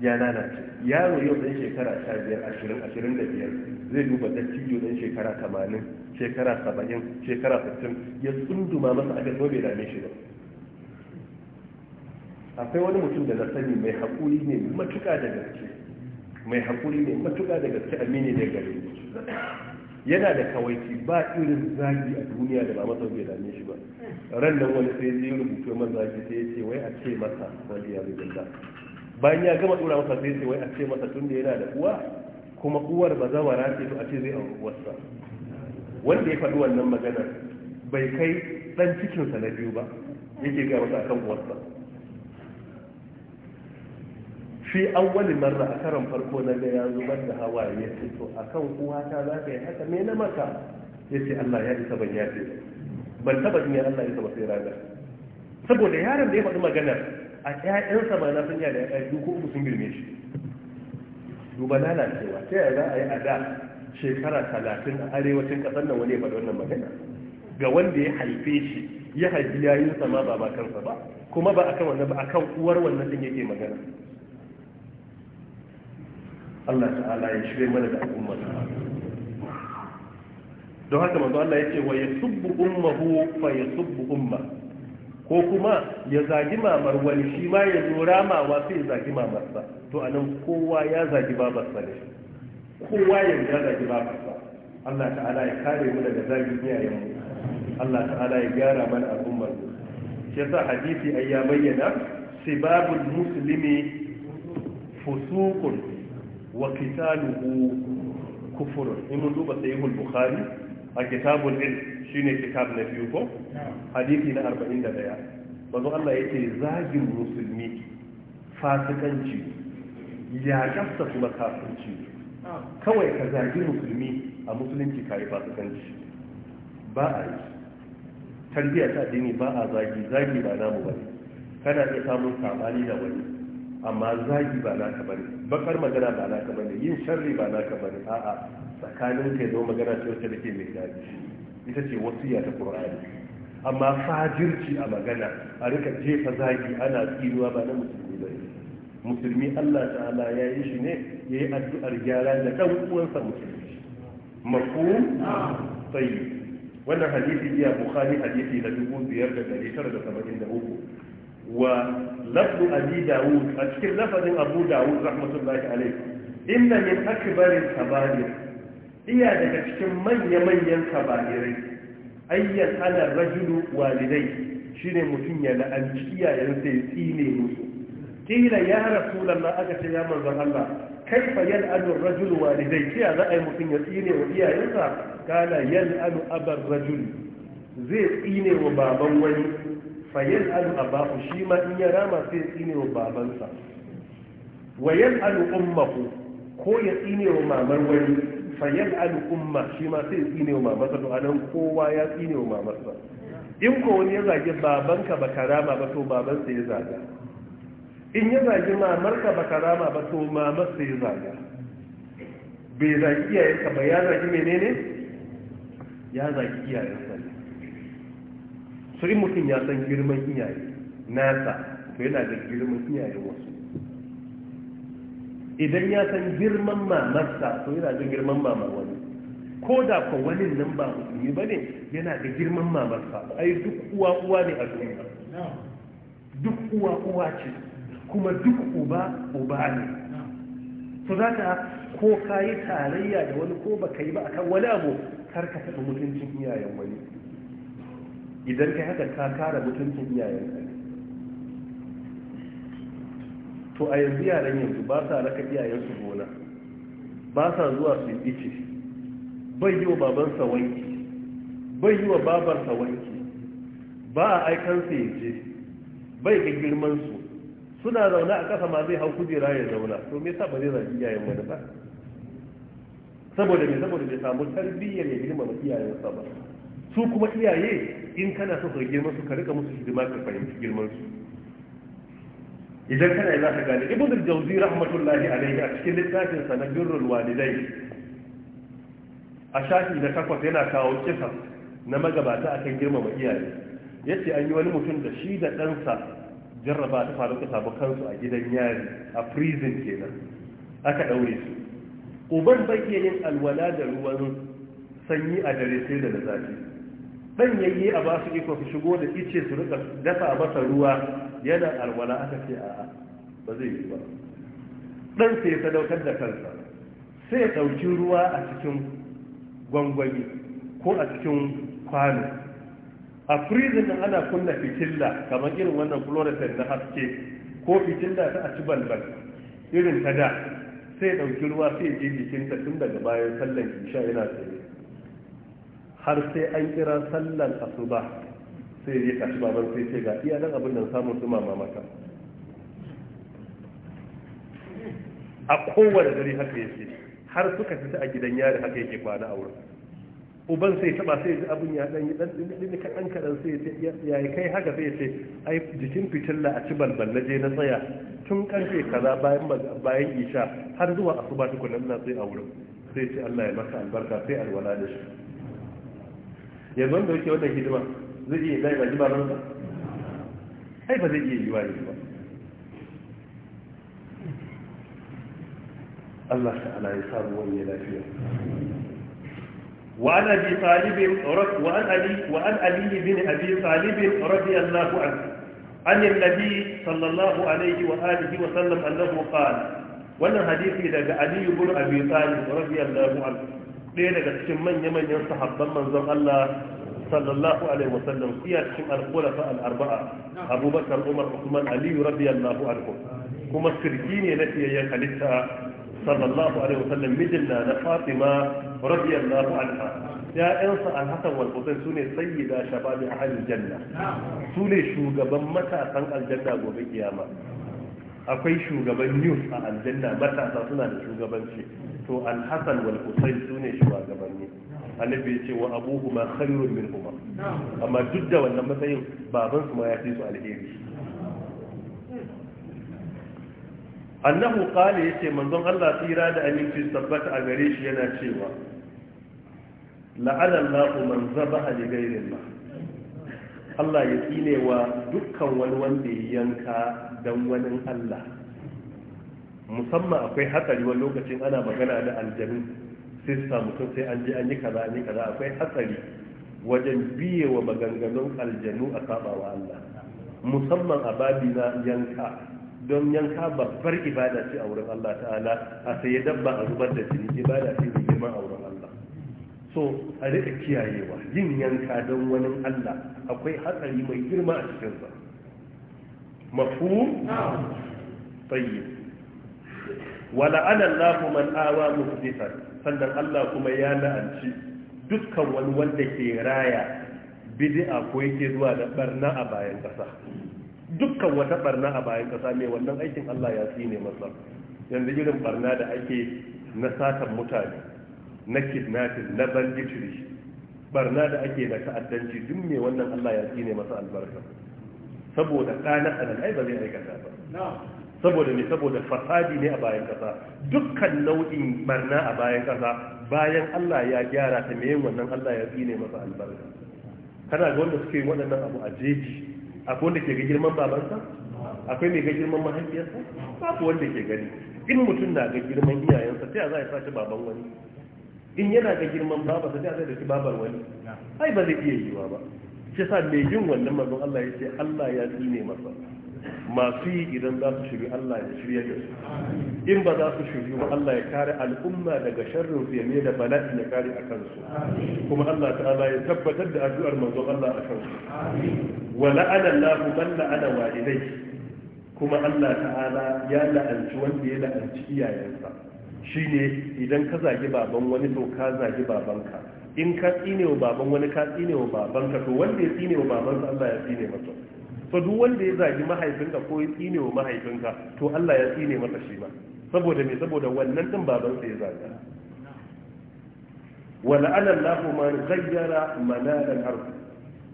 ya lalace yaro yau dan shekara 15 ashirin da biyar zai duba dattijo dan shekara tamanin shekara saba'in shekara sittin, ya tsunduma masa abin zobe da shi ba akwai wani mutum da na sani mai haƙuri ne matuƙa da gaske mai haƙuri ne matuƙa da gaske amini da gare yana da kawaiti ba irin zagi a duniya da ba masa bai dame shi ba ran nan wani sai zai rubuta man zagi sai ya ce wai a ce masa wani ya rubuta bayan ya gama tura masa sai ya ce wai a ce masa tun da yana da uwa kuma uwar ba za zawara ce to a ce zai auri uwarsa wanda ya faɗi wannan magana bai kai ɗan cikinsa na biyu ba yake ga masa akan uwarsa fi awwali marra a karan farko na ga ya zubar da hawaye ya ce to akan uwata za ka yi haka me na maka ya ce Allah ya isa ban yafe ban taba jin Allah ya isa ba sai raga saboda yaron da ya faɗi maganar a ƴaƴansa ba na sun da ya ɗaya duk uku sun girme shi duba lalacewa ta yaya za a yi a da shekara talatin a arewacin ƙasar nan wani ya faɗi wannan magana ga wanda ya haife shi ya haifi yayinsa ma ba ba kansa ba kuma ba akan wannan ba akan uwar wannan din yake magana Allah ta'ala ya shirye mana da al'umma don haka manzo Allah ya ce wa yasubbu ummuhu fa yasubbu umma ko kuma ya zagi mamar wani shi ma ya ma wa sai ya zagi mamarsa to anan kowa ya zagi babarsa ne kowa ya zagi babarsa Allah ta'ala ya kare mu daga zagin iyayen mu Allah ta'ala ya gyara mana al'ummar mu shi yasa hadisi ai ya bayyana sibabul muslimi fusuqun wa qitaluhu kufur in mun duba sahihul bukhari a kitabul ilm shine kitab na biyu ko hadisi na 41 bazo Allah yake zagin musulmi fasikanci ya kasta kuma kafirci kawai ka zagi musulmi a musulunci kai fasikanci ba a yi tarbiyya ta addini ba a zagi zagi ba namu bane kana iya samun sabani da wani amma zagi ba ka bane bakar magana ba na kamar bane yin sharri ba na kamar bane a'a tsakanin kai zo magana ce wacce ke mai daɗi ita ce wasiya ta qur'ani amma fajirci a magana a rika jefa zagi ana tsiruwa ba na musulmi ba musulmi Allah ta'ala ya yi shi ne ya yi addu'ar gyara da ɗan uwansa musulmi mafhum tayyib wannan hadisi iya bukhari hadisi na 2973 wa lafzu abi dawud a cikin lafazin abu dawud rahmatullahi alaihi inna min akbari kaba'ir iya daga cikin manya-manyan kaba'irai ayya ala rajulu walidai shine mutum ya ciya ya sai tsine musu kila ya rasulullahi aka ce ya manzon Allah kaifa yal'anu rajulu walidai kiya za a yi mutum ya tsine wa iyayensa kana yal'anu abar rajul zai tsine wa baban wani fayyar alu abahu shi ma in ya rama sai ya tsine wa babansa wayan alu ummahu ko ya tsine wa mamar wani fayyar alu umma shi ma sai ya tsine wa mamarsa to anan kowa ya tsine wa mamarsa in ko wani ya zage babanka ba rama ba to babansa ya zaga in ya zage mamarka ba rama ba to mamarsa ya zaga bai zagi iyayenka ba ya zagi menene ya zagi iyayensa ne Sai mutum ya san girman iyaye nasa to yana da girman iyayen wasu idan ya san girman mamarsa to yana da girman mamar wani ko da ko wani nan ba musulmi ba ne yana da girman mamarsa ai duk uwa uwa ne a duniya duk uwa uwa ce kuma duk uba uba ne to za ta ko ka yi tarayya da wani ko ba ka yi ba a kan wani abu kar ka taɓa mutuncin iyayen wani idan kai haka ka kara mutuncin ka to a yanzu yaran yanzu ba sa raka iyayensu gona ba sa zuwa su yi ice bai yi wa babansa wanki bai yi wa babarsa wanki ba a sa ya je bai ga girmansu suna zaune a kasa ma zai hau kujera ya zauna to me yasa ba zai zaki iyayen wani ba saboda me saboda bai samu tarbiyyar ya girmama iyayensa ba su kuma iyaye in kana so ka girma su ka rika musu hidima ka fahimci girman su idan kana za ka gane ibn al-jawzi rahmatullahi alaihi a cikin littafin sa na birrul walidai a shafi na takwas yana kawo kisa na magabata akan girmama iyaye yace an yi wani mutum da shi da ɗansa jarraba ta faru ta kansu a gidan yari a prison kenan aka ɗaure su uban bai yin alwala da ruwan sanyi a dare sai da zafi yayi a ba su iko ku shigo da ice su rika dafa a masa ruwa yana alwala aka ce a ba zai yi ba dan sai sadaukar da kansa sai ɗauki ruwa a cikin gwangwani ko a cikin kwano a prison din ana kunna fitilla kamar irin wannan fluorescent na haske ko fitilla ta a ci balbal irin ta da sai ɗauki ruwa sai je jikinta tun daga bayan sallan isha yana tsaye har sai an kira sallan asuba sai ya kashi baban sai ce ga iya nan abin nan samun su mama maka a kowane dare haka ya ce, har suka fita a gidan yari haka yake kwana a wurin uban sai taba sai ji abin ya dan yi dan kadan kadan sai ya yi kai haka sai ce ai jikin fitilla a ci balbal na je na tsaya tun karfe kaza bayan bayan isha har zuwa asuba tukunan na sai a wurin sai ce Allah ya maka albarka sai alwala da shi yanzu wanda yake wata hidima zai iya zai ba jima ransa ai ba zai iya yi wa ba Allah ta ala ya samu wani lafiya wa an abi salibin wa an ali wa an yi nabi sallallahu alaihi wa wa sallam annahu qala wannan hadisi daga Aliyu ibn abi talib radiyallahu anhu ɗaya daga cikin manya-manyan sahabban manzon Allah sallallahu alaihi wasallam iya cikin al-khulafa al-arba'a Abubakar Umar Usman Ali radiyallahu anhu kuma sirki ne na fiyayyen halitta sallallahu alaihi wasallam mijin na na Fatima radiyallahu anha ya'yansa al-Hasan wal Husain sune sayyida shababi ahli janna sune shugaban matasan aljanna gobe kiyama akwai shugaban news a aljanna matasa suna da shugabanci to alhassan wal husayn su ne shugabanni annabi ya ce wa abuhuma khairun min huma amma duk da wannan matsayin baban su ma ya fi su alheri annahu qala yace manzon Allah tsira da aminci tabbata a gare shi yana cewa la'ala Allahu man zabaha li ghayri Allah Allah ya tsinewa dukkan wani wanda ya yanka don wani Allah musamman akwai hatsari wani lokacin ana magana da aljanu sai sa mutum sai an je an yi kaza an yi kaza akwai hatsari wajen biye wa maganganun aljanu a sabawa Allah musamman a babi na yanka don yanka babbar ibada ce a wurin Allah ta'ala a sayi dabba a zubar da jini ibada ce mai girman a wurin Allah so a rika kiyayewa yin yanka don wani Allah akwai hatsari mai girma a cikin sa mafhum tayyib wala ana Allahu man awa muhdithan sannan Allah kuma ya la'anci dukkan wani wanda ke raya bid'a ko yake zuwa da barna a bayan kasa dukkan wata barna a bayan kasa mai wannan aikin Allah ya tsine masa yanzu irin barna da ake na satan mutane na kidnapping na banditry barna da ake na ta'addanci duk mai wannan Allah ya tsine masa albarka saboda ɗana a ai ba zai aikata ba saboda ne saboda fasadi ne a bayan kasa dukkan nau'in barna a bayan kasa bayan Allah ya gyara ta me wannan Allah ya tsine masa albarka kana ga wanda suke waɗannan abu a jeji akwai wanda ke ga girman babansa akwai mai ga girman mahaifiyarsa babu wanda ke gani in mutum na ga girman iyayensa sai a za a sace baban wani in yana ga girman babansa sai a zai da shi babar wani ai ba zai iya yiwa ba shi sa mai yin wannan mazan Allah ya ce Allah ya tsine masa masu yi idan za su shirya Allah ya shirya da su in ba za su shirya ba Allah ya kare al'umma daga sharrin su ya da bala'i ya kare a kansu kuma Allah ta'ala ya tabbatar da addu'ar manzon Allah a kansu wa la'ana Allahu man la'ana walidai kuma Allah ta'ala ya la'anci wanda ya la'anci iyayensa shine idan ka zagi baban wani to ka zagi babanka in ka tsine wa baban wani ka tsine wa baban ka to wanda ya tsine wa baban sa Allah ya tsine masa to duk wanda ya zagi mahaifinka ko ya tsine wa mahaifinka to Allah ya tsine masa shi ma saboda me saboda wannan din baban sa ya zaga wala ana Allahu man ghayyara manal al-ard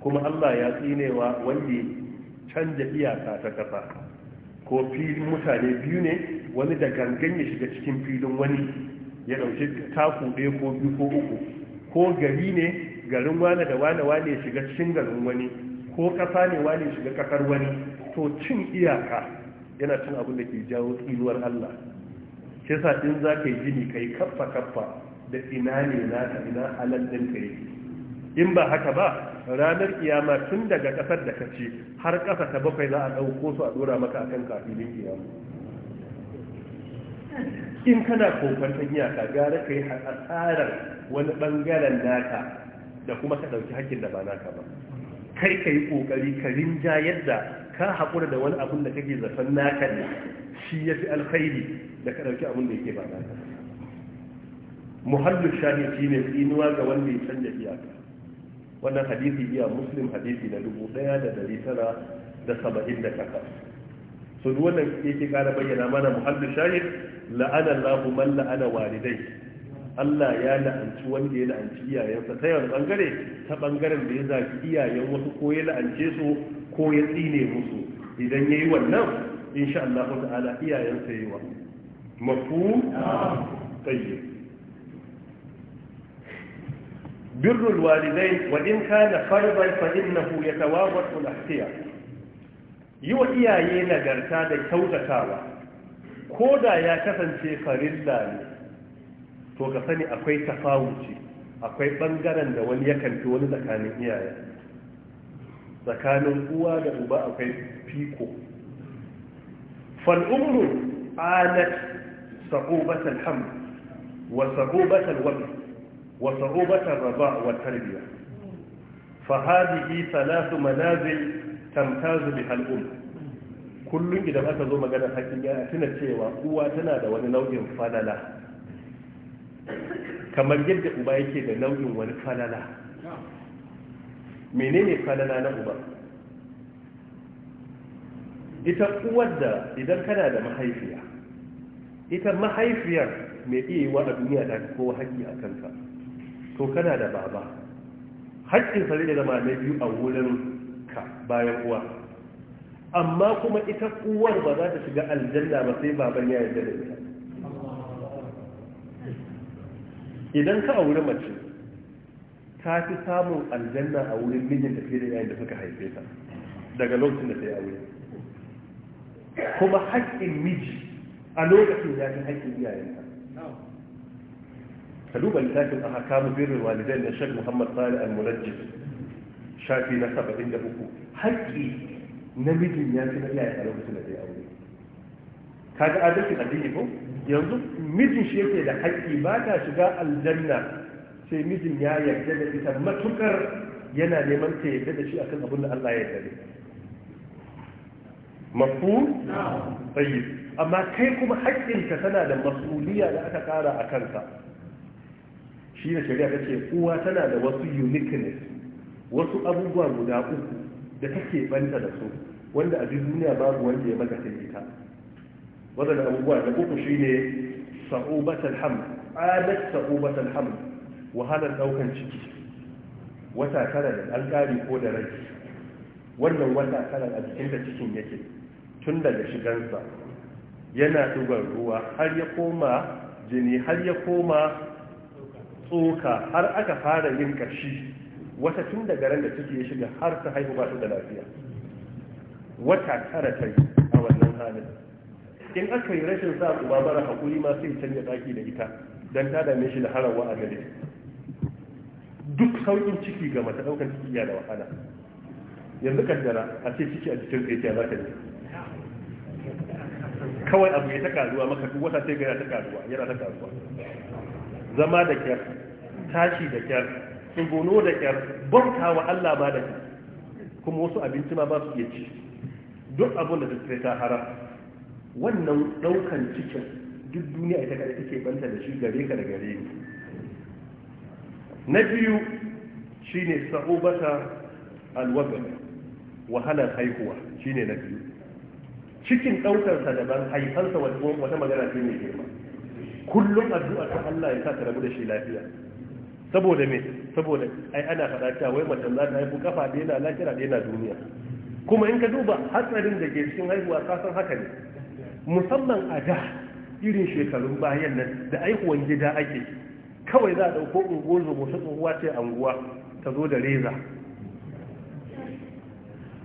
kuma Allah ya tsine wa wanda ya canja iyaka ta kasa ko filin mutane biyu ne wani da gangan ya shiga cikin filin wani ya dauki taku ɗaya ko biyu ko uku ko gari ne garin wane da wane wane shiga cikin garin wani ko kasa ne wane shiga kasar wani to cin iyaka yana cin abin da ke jawo tsiruwar Allah Kisa sa in za ka yi gini kai kaffa kaffa da ina ne na ta ina halal din ka yi in ba haka ba ranar kiyama tun daga kasar da ka ce, har kasa ta bakwai za a ɗauko su a ɗora maka akan kafilin kiyama in kana kokwantar iyaka gara ka yi asarar wani bangaren naka da kuma ka ɗauki hakkin da ba naka ba kai ka yi ƙoƙari ka rinja yadda ka haƙura da wani abun da kake zafan naka ne shi ya fi alkhairi da ka ɗauki abun da yake ba naka muhallin shahi shi ne tsinuwa ga wanda ya canja iyaka wannan hadisi iya muslim hadisi na dubu ɗaya da dari tara da saba'in da takwas so duk wannan yake kara bayyana mana muhallu shahid la'ana Allahu man la'ana walidai Allah ya la'anci wanda ya la'anci iyayensa ta yawan bangare ta bangaren da ya zafi iyayen wasu ko ya la'ance su ko ya tsine musu idan yayi wannan insha Allah ta'ala iyayensa yayi wa mafhum tayyib birrul walidain wa in kana fardan fa innahu yatawabat al-ihtiyar yi wa iyaye nagarta da kyautatawa ko da ya kasance farilla ne to ka sani akwai tafawuci akwai ɓangaren da wani yakan fi wani tsakanin iyaye tsakanin uwa da uba akwai fiko fal'umru anat sa'ubatar ham wa sa'ubatar wabi wa sa'ubatar raba wa tarbiya fa hadihi salatu manazil tamtazu bi hal'um kullum idan aka zo magana hakkin yana tuna cewa uwa tana da wani nau'in falala kamar yadda uba yake da nau'in wani falala menene falala na uba ita uwar da idan kana da mahaifiya ita mahaifiyar mai iya yiwa a duniya da kowa haƙƙi a kanka to kana da baba haƙƙin sa zai zama na biyu a wurin ka bayan uwa amma kuma ita uwar ba za ta shiga aljanna ba sai baban ya yarda da ita idan ka auri mace ta fi samun aljanna a wurin mijin da fiye da yayin da suka haife ta daga lokacin da ta aure kuma haƙƙin miji a lokacin ya fi haƙƙin iyayenta ka duba littafin a hakamu birnin walidai da shek muhammad Sani al-murajjis shafi na saba'in da uku haƙƙi namijin ya fi na iyaye a lokacin da zai aure kaga adalci addini ko yanzu mijin shi yake da haƙƙi ba ta shiga aljanna sai mijin ya yarda da ita matukar yana neman ta yarda da shi akan abin da Allah ya yarda mafu tsayi amma kai kuma ka tana da masuliya da aka ƙara a kanka shi ne shari'a ta ce uwa tana da wasu uniqueness wasu abubuwa guda uku da take banta da su wanda a duniya babu wanda ya maka sai ita wadanda abubuwa da uku shine sa'ubatul hamd adat sa'ubatul hamd wahalar daukan ciki wata tara da alkali ko da rai wannan wata tara a jikin da cikin yake tun daga shigansa yana dugar ruwa har ya koma jini har ya koma tsoka har aka fara yin kashi wata tun daga ran da suke shiga har ta haihu ba su da lafiya wata tara ta yi a wannan halin in aka yi rashin sa uba mara hakuri ma sai canja daki da ita dan ta dame shi da harawa a gare duk saukin ciki ga mata daukan ciki ya da wahala yanzu kaddara a ce ciki a cikin tsaye za ta yi kawai abu ya ta karuwa maka duk wata sai ga ya ta karuwa yana ta karuwa zama da kyar tashi da kyar tsuguno da kyar bauta wa Allah ba da kuma wasu abinci ma ba su iya ci duk abin da ta ta haram wannan ɗaukan cikin duk duniya ita kada take banta da shi gare ka da gare ni na biyu shine sa'ubata alwagar wahalar haihuwa shine na biyu cikin ɗaukarsa daban haifansa wata magana ce mai girma kullum addu'a ta Allah ya sa ta rabu da shi lafiya saboda me saboda ai ana faɗa cewa wai mace za ta haihu kafa da yana lafiya da yana duniya kuma in ka duba hatsarin da ke cikin haihuwa ka haka ne musamman a da irin shekarun bayan nan da aihuwan gida ake kawai za a ɗauko unguwar zubo su tsohuwa ce anguwa ta zo da reza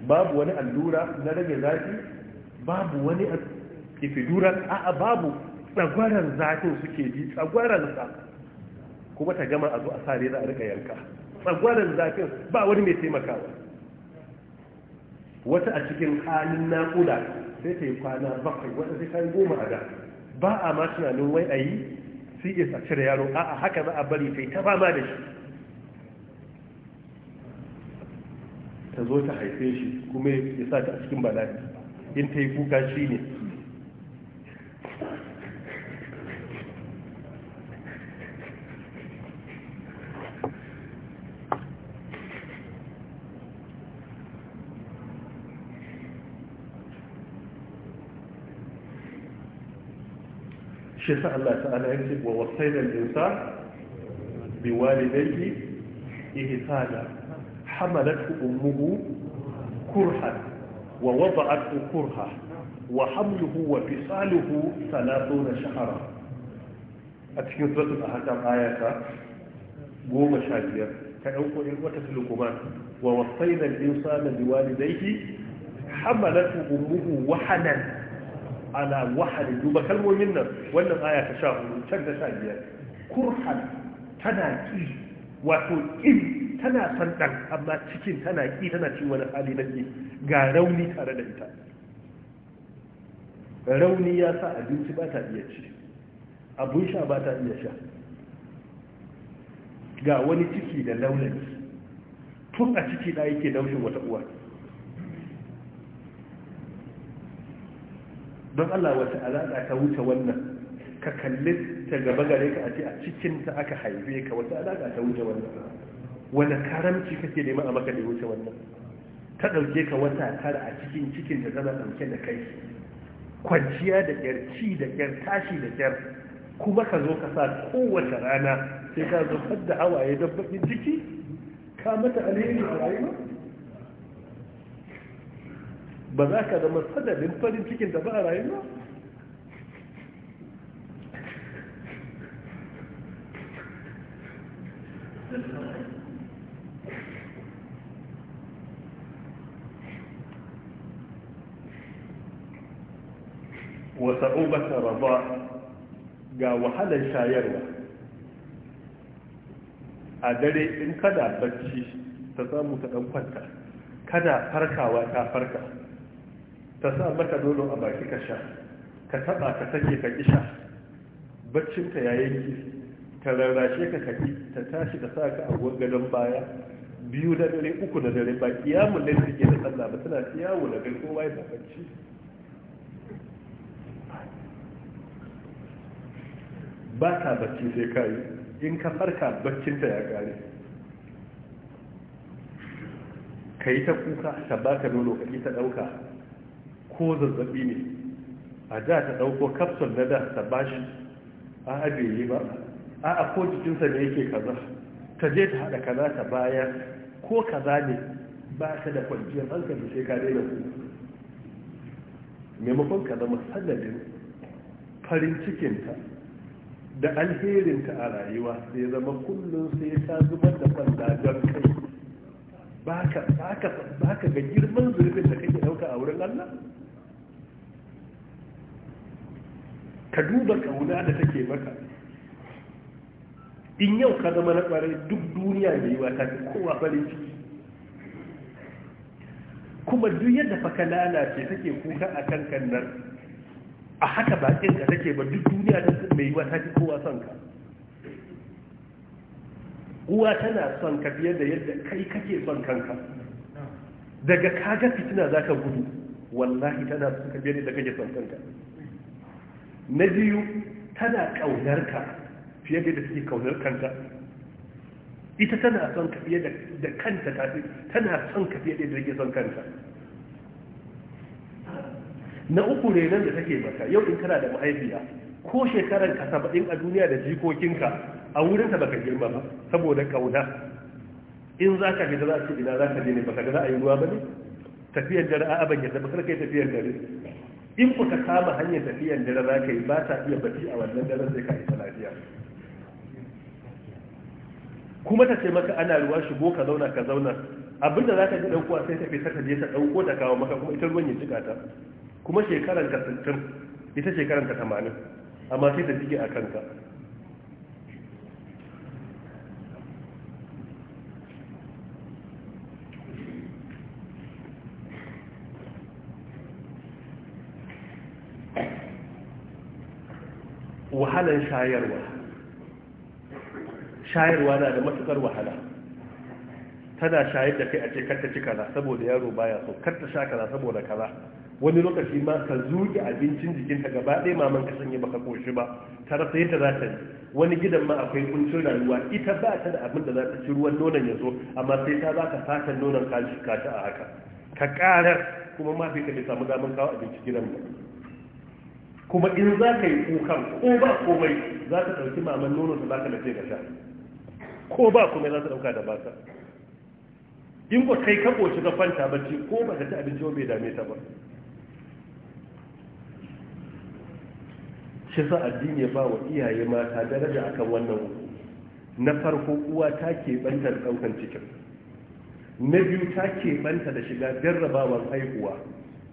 babu wani allura na rage zafi babu wani epidural a'a babu tsagwaran zafin suke ji tsagwaran sa kuma ta gama a zo a sare za a rika yanka tsagwaran zafin ba wani mai taimakawa wata a cikin halin naƙuda sai ta yi kwana bakwai wata sai ta goma a da ba a ma tunanin wai a yi cs a cire yaro a'a haka za a bari ta yi ta fama da shi ta zo ta haife shi kuma ya sa ta a cikin bala'i in ta yi kuka shi ne shi Allah ta'ala ya ce wa wasaina al-insan bi walidayhi ihsana hamalathu ummuhu kurhan wa wada'athu kurha wa hamluhu wa fisaluhu 30 shahara a cikin suratul ahqaf ayata biyar. ka dauko in wata sulkuman wa wasaina al-insana bi walidayhi hamalathu ummuhu wahanan ala wahali duba kalmomin nan wannan aya ta sha hudu can ta sha biyar Kurhal tana ƙi wato ƙin tana san ɗan amma cikin tana ƙi tana cin wani hali na ƙi ga rauni tare da ita rauni ya sa abinci ba ta iya ci abun sha ba ta iya sha ga wani ciki da launin tun a ciki da yake laushin wata uwa don Allah wata alaƙa ta wuce wannan ka kalli ta gaba gare ka a ce a cikin ta aka haife ka wata alaƙa ta wuce wannan wani karamci kake nema a maka da wuce wannan ta ɗauke ka wata tara a cikin cikin ta tana ɗauke da kai kwanciya da ƙyar ci da ƙyar tashi da ƙyar kuma ka zo ka sa kowace rana sai ka zo da awaye don baƙin ciki ka mata alheri a rayuwa ba za ka zama sadadin farin cikin da ba a ba wata ubata raba ga wahalar shayarwa a dare in kada bacci ta samu ta ɗan kwanta kada farkawa ta farka ta sa maka nono a baki ka sha ka taba ka sake ka kisha ka ya ki ta rarrashe ka kaki ta tashi ka saka ka a gwaggwadon baya biyu da dare uku da dare ba kiyamun ne suke da sallah ba tana kiyamu da dare kowa ya bacci ba ta bacci sai kai in ka farka ta ya kare ka yi ta kuka ta baka nono ka yi ta ɗauka ko zazzabi ne a da ta ɗauko kapsul na da ta bashi a abin yi ba a ko jikinsa ne yake kaza ta je ta haɗa kaza ta baya ko kaza ne ba ta da kwanciyar hankali sai ka daina ku maimakon ka zama sanadin farin cikinta da alherinta a rayuwa sai zama kullum sai ta zubar da kwanda don kai ba ka ga girman zurfin da kake ɗauka a wurin Allah ka duba kauna da take maka in yau ka zama na ɓare duk duniya da yi wata ta kowa farin ciki kuma duk yadda fa ka lalace take kuka a kan kannar a haka bakin ka take ba duk duniya da mai yi wata ta kowa son ka uwa tana son ka fiye da yadda kai kake son kanka daga kaga fitina za ka gudu wallahi tana son ka fiye da yadda kake son kanka na biyu tana kaunar ka fiye da take kaunar kanta ita tana son ka fiye da kanta tafi tana son ka fiye da take son kanta na uku renon da take maka yau in kana da mahaifiya ko shekaran ka saba'in a duniya da jikokinka a wurinta baka girma ba saboda kauna in za ka da za a ce ina za ka ne baka ga za a yi ruwa ba ne tafiyar dare ra'a ban yadda ba karka yi tafiyar dare in ka kama hanyar tafiyan dare za ka yi ba ta iya bati a wannan dare sai ka ta lafiya kuma ta ce maka ana ruwa shigo ka zauna ka zauna abinda za ka ji ɗaukuwa sai ta fita ta je ta ɗauko da kawo maka kuma ita ruwan ya jika ta kuma shekaran ka ita shekaran ka tamanin amma sai ta jige a kanka wahalar shayarwa shayarwa na da matukar wahala tana shayar da kai a ce karta ci kaza saboda yaro baya so karta sha kaza saboda kaza wani lokaci ma ka zuƙi abincin jikinta gaba ɗaya maman ka sanya baka koshi ba ta rasa yadda za ta wani gidan ma akwai kuncin rayuwa ita ba ta da abin da za ta ci ruwan nonon ya zo amma sai ta za ka fatan nonon kashi kashi a haka ka ƙarar kuma ma fi ka bai samu damar kawo abinci gidan ba kuma in za ka yi kukan ko ba komai za ka ɗauki maman nono ta baka lafiya ka sha ko ba komai za ta ɗauka da baka in ba kai ka ƙoci ka kwanta bacci ko ba ka ci abinci bai dame ta ba shi sa addini ya ba wa iyaye mata daraja akan wannan uku na farko uwa ta keɓanta da ɗaukan cikin na biyu ta keɓanta da shiga jarrabawan haihuwa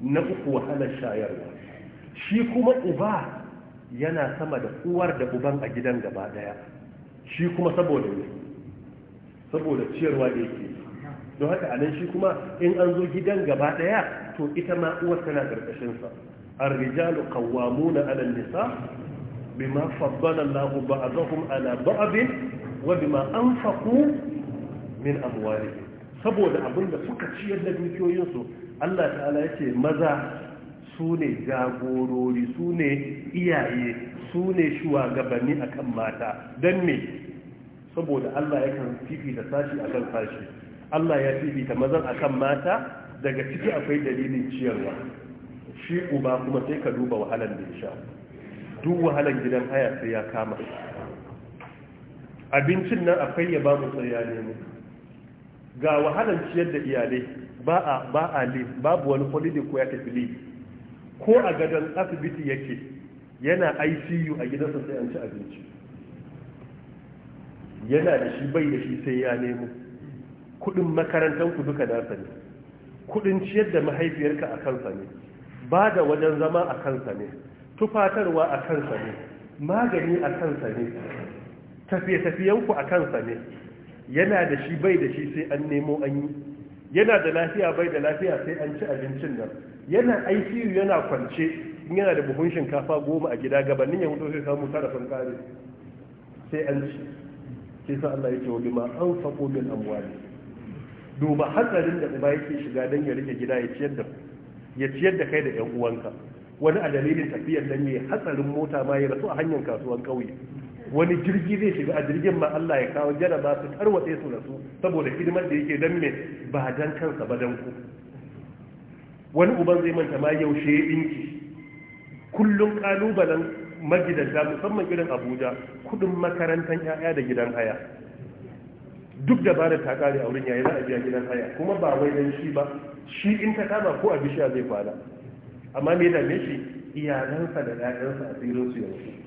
na uku wahalar shayarwa shi kuma uba yana sama da uwar da uban a gidan gaba daya shi kuma saboda ne saboda ciyarwa da yake don haka a nan shi kuma in an zo gidan gaba daya to ita ma uwar tana karkashinsa الرجال قوامون على النساء بما فضل الله بعضهم على بعض وبما أنفقوا min أموالهم saboda abinda da suka ciyar da dukiyoyinsu Allah ta'ala yake maza su ne jagorori su ne iyaye su ne shugabanni akan mata don me saboda Allah ya kan fifita sashi akan sashi Allah ya fifita mazan akan mata daga ciki akwai dalilin ciyarwa shi uba kuma sai ka duba wahalan da ya sha duk wahalan gidan haya sai ya kama abincin nan akwai ya ba mu tsaya ne ga wahalar ciyar da iyalai ba a ba a babu wani holiday ko ya tafi leave ko a gadon asibiti yake yana ICU a gidansa sai an ci abinci yana da shi bai da shi sai ya nemo kudin makarantar ku duka nasa ne kudin ciyar da mahaifiyarka a kansa ne ba da wajen zama a kansa ne tufatarwa a kansa ne magani a kansa ne tafiye-tafiyenku a kansa ne yana da shi bai da shi sai an nemo an yi yana da lafiya bai da lafiya sai an ci abincin nan yana ICU yana kwance in yana da buhun shinkafa goma a gida gabanin ya hudu sai samu tara sun kare sai an ci sai sa Allah wani ma an anfaqu min amwali duba hatsarin da ba yake shiga dan ya rike gida ya ciyar da kai da ƴan uwanka wani a dalilin tafiyar da ne hatsarin mota ma ya rasu a hanyar kasuwan ƙauye. wani jirgi zai shiga a jirgin ma Allah ya kawo jaraba su tarwatse su rasu saboda hidimar da yake dan mai ba dan kansa ba dan ku wani uban zai manta ma yaushe ya kullum ƙalubalen magidanta musamman irin Abuja kudin makarantar 'ya'ya da gidan haya duk da ba da ta a wurin yayi za a biya gidan haya kuma ba wai dan shi ba shi in ta kama ko a bishiya zai kwana amma me da shi iyalansa da a tsirin su yanzu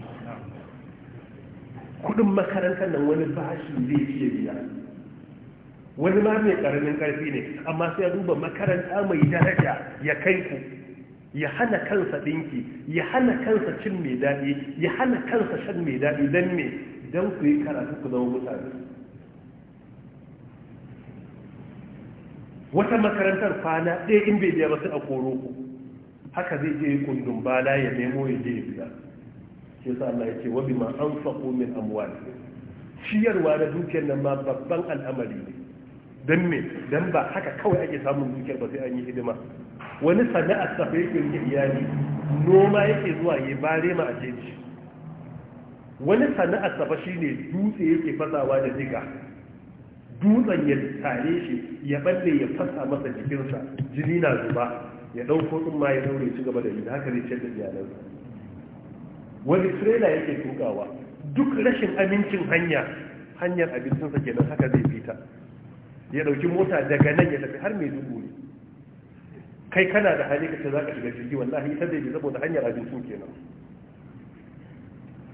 kudin makarantar nan wani bashi zai fiye biya wani ma mai ƙaramin ƙarfi ne amma sai ya duba makaranta mai daraja ya kai ku ya hana kansa ɗinki ya hana kansa cin mai daɗi ya hana kansa shan mai daɗi don me don ku yi karatu ku zama mutane wata makarantar kwana ɗaya in bai biya ba sai a koro ku haka zai je kundin bala ya nemo ya je ya biya shi yasa Allah yake wa bima anfaqu min amwali ciyarwa na dukiyar nan ma babban al'amari ne dan me don ba haka kawai ake samun dukiyar ba sai an yi hidima wani sana'a safaikin iyali noma yake zuwa ya bare ma a shi wani sana'ar safa shine dutse yake fasawa da diga dutsen ya tare shi ya balle ya fasa masa jikinsa jini na zuba ya ɗauko ɗin ma ya daure ci gaba da yi haka zai ce da iyalansa wani trailer yake tukawa duk rashin amincin hanya hanyar abincinsa kenan haka zai fita ya ɗauki mota daga nan ya tafi har mai dubu ne kai kana da hali ka ce za ka shiga jirgi wallahi ita zai bi saboda hanyar abincin kenan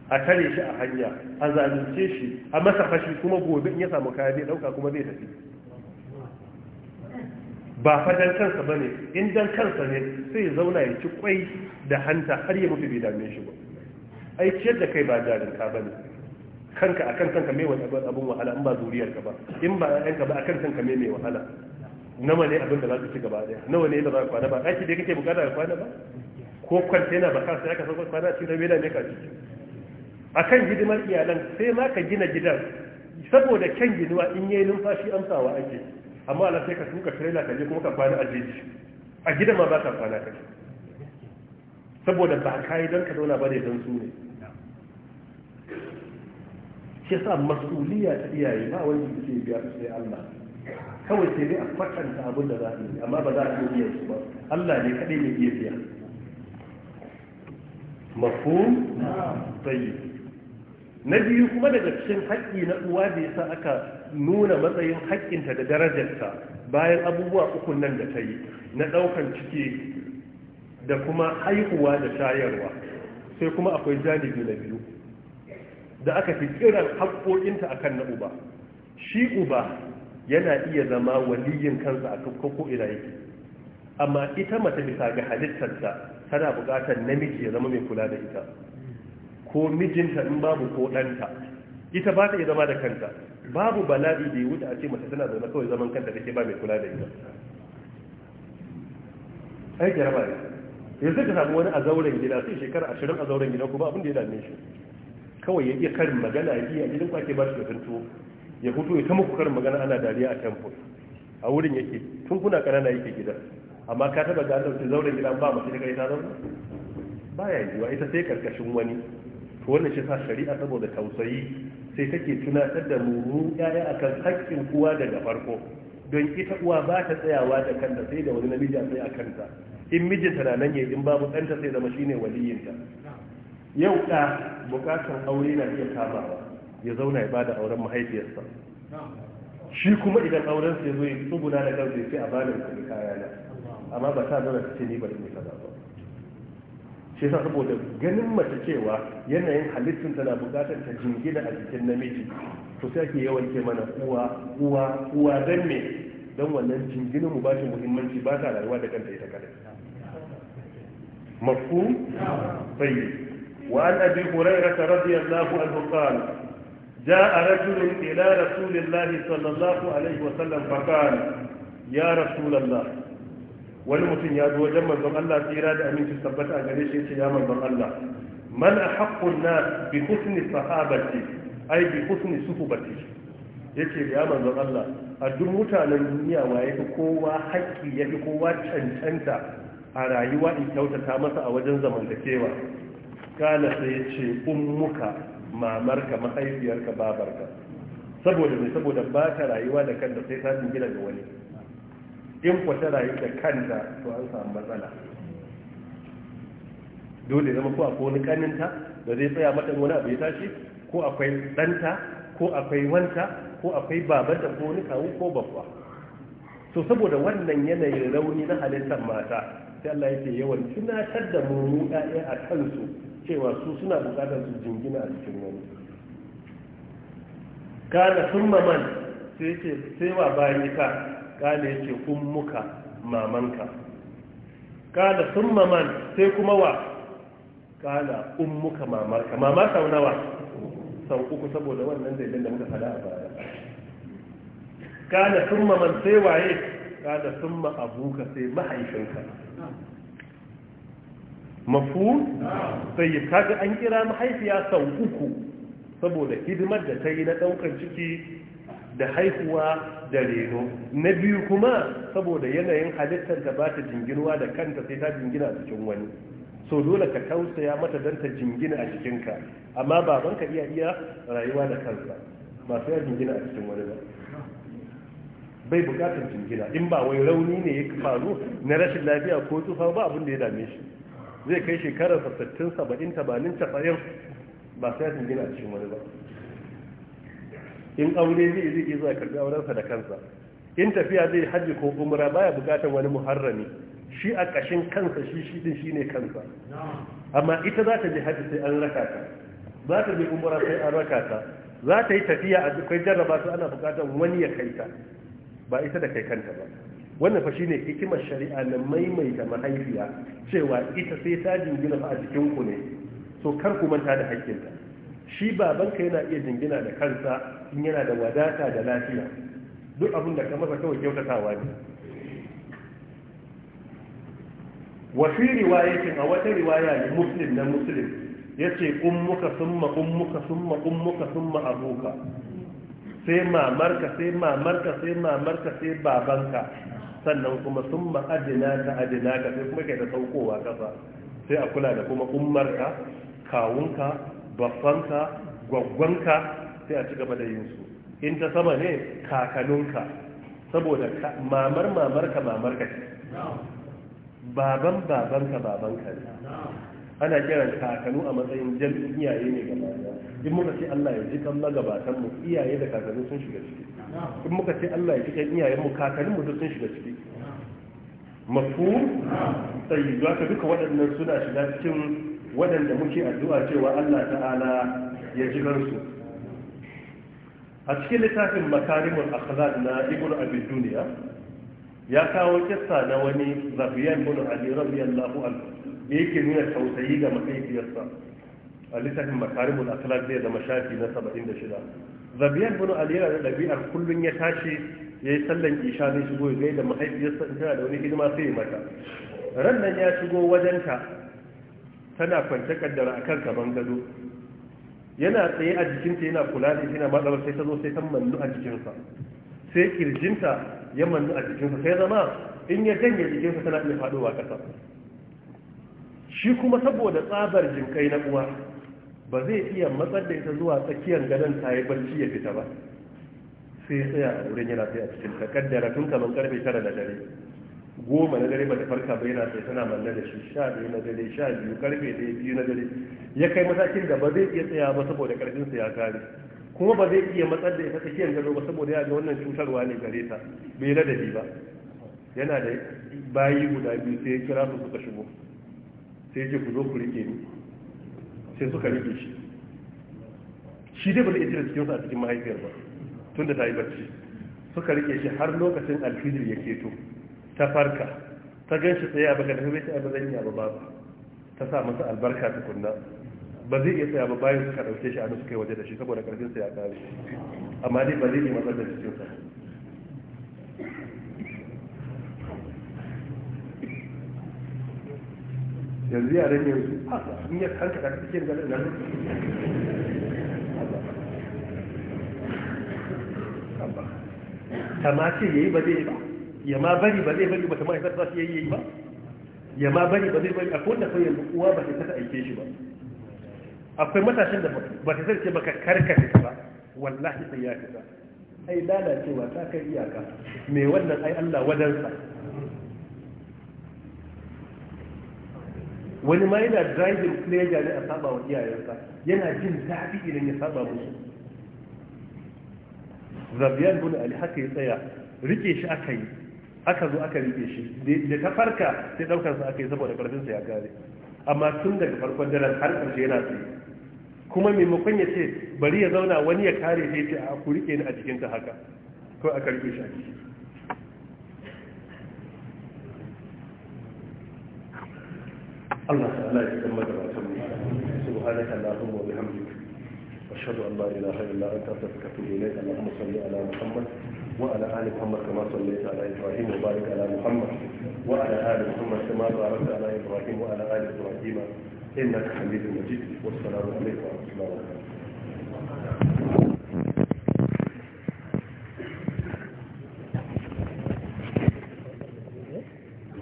a tare shi a hanya a zalunce shi a masa fashi kuma gobe in ya samu kaya zai ɗauka kuma zai tafi ba fadan kansa bane in dan kansa ne sai ya zauna ya ci kwai da hanta har ya mutu bai dame shi ba ai ciyar da kai ba jarin ka bane kanka akan kanka mai wani abun wahala in ba zuriyar ka ba in ba ka ba akan kanka mai mai wahala nawa ne abin da za ka ci gaba da nawa ne da za ka kwana ba ɗaki da kake bukata ka kwana ba ko kwantena yana baka sai aka san kwana cikin da ne ka ci akan hidimar iyalan sai ma ka gina gidan saboda kyan ginuwa in yayi numfashi amsawa ake amma ana sai ka tuka trailer ka je kuma ka kwana a jeji a gidan ma ba ka kwana ka saboda ba yi don ka zauna ba ne don su ne shi sa masuliya ta iyaye ba wani da ke biya sai Allah kawai sai dai a kwatanta abin da za a yi amma ba za a iya su ba Allah ne kaɗai ne iya biya mafhum tayyib na biyu kuma daga cikin haƙƙi na uwa da yasa aka nuna matsayin haƙƙinta da darajarta bayan abubuwa uku nan da ta yi na ɗaukan ciki da kuma haihuwa da shayarwa sai kuma akwai jalibi na biyu da aka fi kiran haƙƙoƙinta a kan na uba shi uba yana iya zama waliyin kansa a kan koko ina yake amma ita mata bisa ga halittarta tana buƙatar namiji ya zama mai kula da ita ko mijinta in babu ko ɗanta ita ba ta iya zama da kanta babu bala'i da ya wuce a ce mace tana zaune kawai zaman kanta da ke ba mai kula da ita ai ke raba yanzu ka samu wani a zauren gida sai shekara ashirin a zauren gida ko ba abin da ya dame shi kawai ya iya karin magana ya biya gidan kwake ba shi da tuntu ya hutu ya tamu muku karin magana ana dariya a temple a wurin yake tun kuna kanana yake gida amma ka taba ga dauki zauren gida ba mace kai ta zauna baya yiwa ita sai karkashin wani to wannan shi sa shari'a saboda tausayi sai take tunatar da mu mu yaya akan haƙƙin uwa daga farko don ita uwa ba ta tsayawa da kanta sai da wani namiji a tsaye a kanta in mijinta na nan in babu ɗanta sai zama shine waliyinta yau ɗa buƙatar aure na iya kamawa ya zauna ya bada auren mahaifiyarsa shi kuma idan auren sai zo ya tsuguna da kansa sai a bada kuɗi kaya na amma ba ta zauna ta ce ni ba da kaza ba shi sa saboda ganin mace cewa yanayin halittun tana bukatar ta jingina a jikin namiji to sai ake yawan ke mana uwa uwa uwa dan me dan wannan jinginin mu bashi muhimmanci ba ta rayuwa da kanta ita kadai mafu sai, wa an abi hurairah radiyallahu anhu qala jaa rajul ila rasulillahi sallallahu alaihi wa sallam fa فقال Ya rasulallah wani mutum ya zo wajen manzon Allah tsira da aminci tabbata a gare shi yace ya manzon Allah man ahaqqu na bi husni sahabati ai bi husni suhbati yace ya manzon Allah a duk mutanen duniya waye fi kowa haƙƙi ya fi kowa cancanta a rayuwa in kyautata masa a wajen zamantakewa kana sai yace ummuka mamarka mahaifiyarka babarka saboda mai saboda ba ta rayuwa da kanta sai ta gina ga wani in ku ta rayu da kanta to an samu matsala dole zama ko akwai wani kaninta da zai tsaya mata wani abu ya tashi ko akwai ɗanta ko akwai wanta ko akwai babanta ko wani kawo ko babba To saboda wannan yanayin rauni na halittar mata sai Allah yake yawan tunatar da mu mu ɗaya a kansu cewa su suna buƙatar su jingina a cikin wani kana sun maman sai ce sai wa bayi ka kala ya ce muka mamanka kala sun maman sai kuma wa kala muka mamarka mamar sau nawa sau uku saboda wannan daidan da muka fada a baya kala sun maman sai waye kala sun ma abuka sai mahaifinka mafu sai kaga an kira mahaifiya sau uku saboda hidimar da ta yi na ɗaukar ciki da haihuwa da reno na biyu kuma saboda yanayin halittar da ba ta jinginwa da kanta sai ta jingina a cikin wani so dole ka tausaya mata don ta jingina a cikinka amma baban ka iya iya rayuwa da kansa ba sai ya jingina a cikin wani ba bai bukatar jingina in ba wai rauni ne ya faru na rashin lafiya ko tsufa ba abin da ya dame shi zai kai shekarar 60 70 80 90 ba sai ya jingina a cikin wani ba in aure zai zai iya zuwa karbi aurensa da kansa in tafiya zai hajji ko umra baya bukatar wani muharrami shi a kashin kansa shi shi din shine kansa amma ita za ta je hajji sai an raka ta za ta je umra sai an raka ta za ta yi tafiya a kai jarraba su ana bukatar wani ya kai ta ba ita da kai kanta ba wannan fa shine hikimar shari'a na maimaita mahaifiya cewa ita sai ta jingina fa a jikin ku ne so kar ku manta da hakkinta shi babanka yana iya jingina da kansa in yana da wadata da lafiya duk abin da ka masa kawai kyautatawa ne wa fi a wata riwaya ne muslim na muslim yace ummuka summa ummuka summa sun ma abuka sai mamarka sai mamarka sai mamarka sai babanka sannan kuma sun adina ta adina ka sai kuma kai da saukowa kasa sai a kula da kuma ummarka kawunka babbanka gwaggwanka sai a ci gaba da yin su in ta sama ne kakanunka saboda mamar mamarka mamarka ce baban babanka babanka ne ana kiran kakanu a matsayin jan iyaye ne gaba in muka ce Allah ya ji kan magabatan mu iyaye da kakanu sun shiga ciki in muka ce Allah ya ji kan iyayen mu kakanun mu sun shiga ciki mafu sai duka waɗannan suna shiga cikin waɗanda muke addu'a cewa Allah ta'ala ya ji gansu a cikin littafin makarimun akhlaq na ibn abi duniya ya kawo kissa na wani Zabiyan bin ali radiyallahu anhu da yake nuna tausayi ga mahaifiyarsa a littafin makarimun akhlaq zai zama shafi na 76 zabiyan bin ali yana da ɗabi'ar kullum ya tashi ya yi sallan isha zai shigo ya da mahaifiyarsa in tana da wani hidima sai ya mata ran nan ya shigo wajenta tana kwance kaddara a kanka gado yana tsaye a jikinta yana kula da yana matsalar sai ta zo sai ta mannu a jikinsa sai kirjinta ya mannu a jikinsa sai zama in ya janye jikinsa tana iya faɗowa ƙasa shi kuma saboda tsabar jinkai na uwa ba zai iya matsar da ita zuwa tsakiyar gadon ta yi barci ya fita ba sai tsaya a wurin yana tsaye a cikin ta kaddara tun kamar karfe tara da dare goma na dare bata farka bai na sai tana manne da shi sha biyu na dare sha biyu karfe ɗaya biyu na dare ya kai matakin da ba zai iya tsaya ba saboda karfinsa ya kare kuma ba zai iya matsar da ita tsakiyar gado ba saboda ya ga wannan cutarwa ne gare ta bai ladabi ba yana da bayi guda biyu sai ya kira su suka shigo sai ce ku zo ku rike ni sai suka rike shi shi dai ba zai da cikinsa a cikin mahaifiyar ba tun da ta yi barci suka rike shi har lokacin alfijir ya keto ta farka ta gan shi tsaye a baka da hukumai ta abu zan yi abu ba ta sa masa albarka tukunna ba zai iya tsaye ba bayan suka ɗauke shi a nusu kai waje da shi saboda sa ya kare amma dai ba zai yi matsar da cikinsa yanzu ya yaran yanzu in ya kanka da cikin ganin nan kama ce yayi ba zai ba ya ma bari ba zai bari ba ta ma'aikata za su yi ba ya ma bari ba zai bari akwai wanda sai yanzu uwa ba ta kasa aike shi ba akwai matashin da ba ta ba ka karkace ta ba wallahi sai ya fita ai lalacewa ta kai iyaka me wannan ai Allah wadansa wani ma yana driving pleasure ne a saba wa iyayensa yana jin daɗi idan ya saba musu zabiyan bin ali haka ya tsaya rike shi aka yi aka zo aka rike shi da ta farka sai daukar sa aka yi saboda karfin sa ya gare amma tun daga farkon daren har karshe yana tsaye kuma maimakon ya ce bari ya zauna wani ya kare shi ce a ku rike ni a jikin ta haka ko aka rike shi a ta Allah ya san magabatan mu subhanaka allahumma wa bihamdika ashhadu an la ilaha illa anta astaghfiruka wa atubu ilayk allahumma salli ala muhammad وعلى آل محمد كما صليت على إبراهيم وبارك على محمد وعلى آل محمد كما باركت على إبراهيم وعلى آل إبراهيم إنك حميد مجيد والسلام عليكم ورحمة الله وبركاته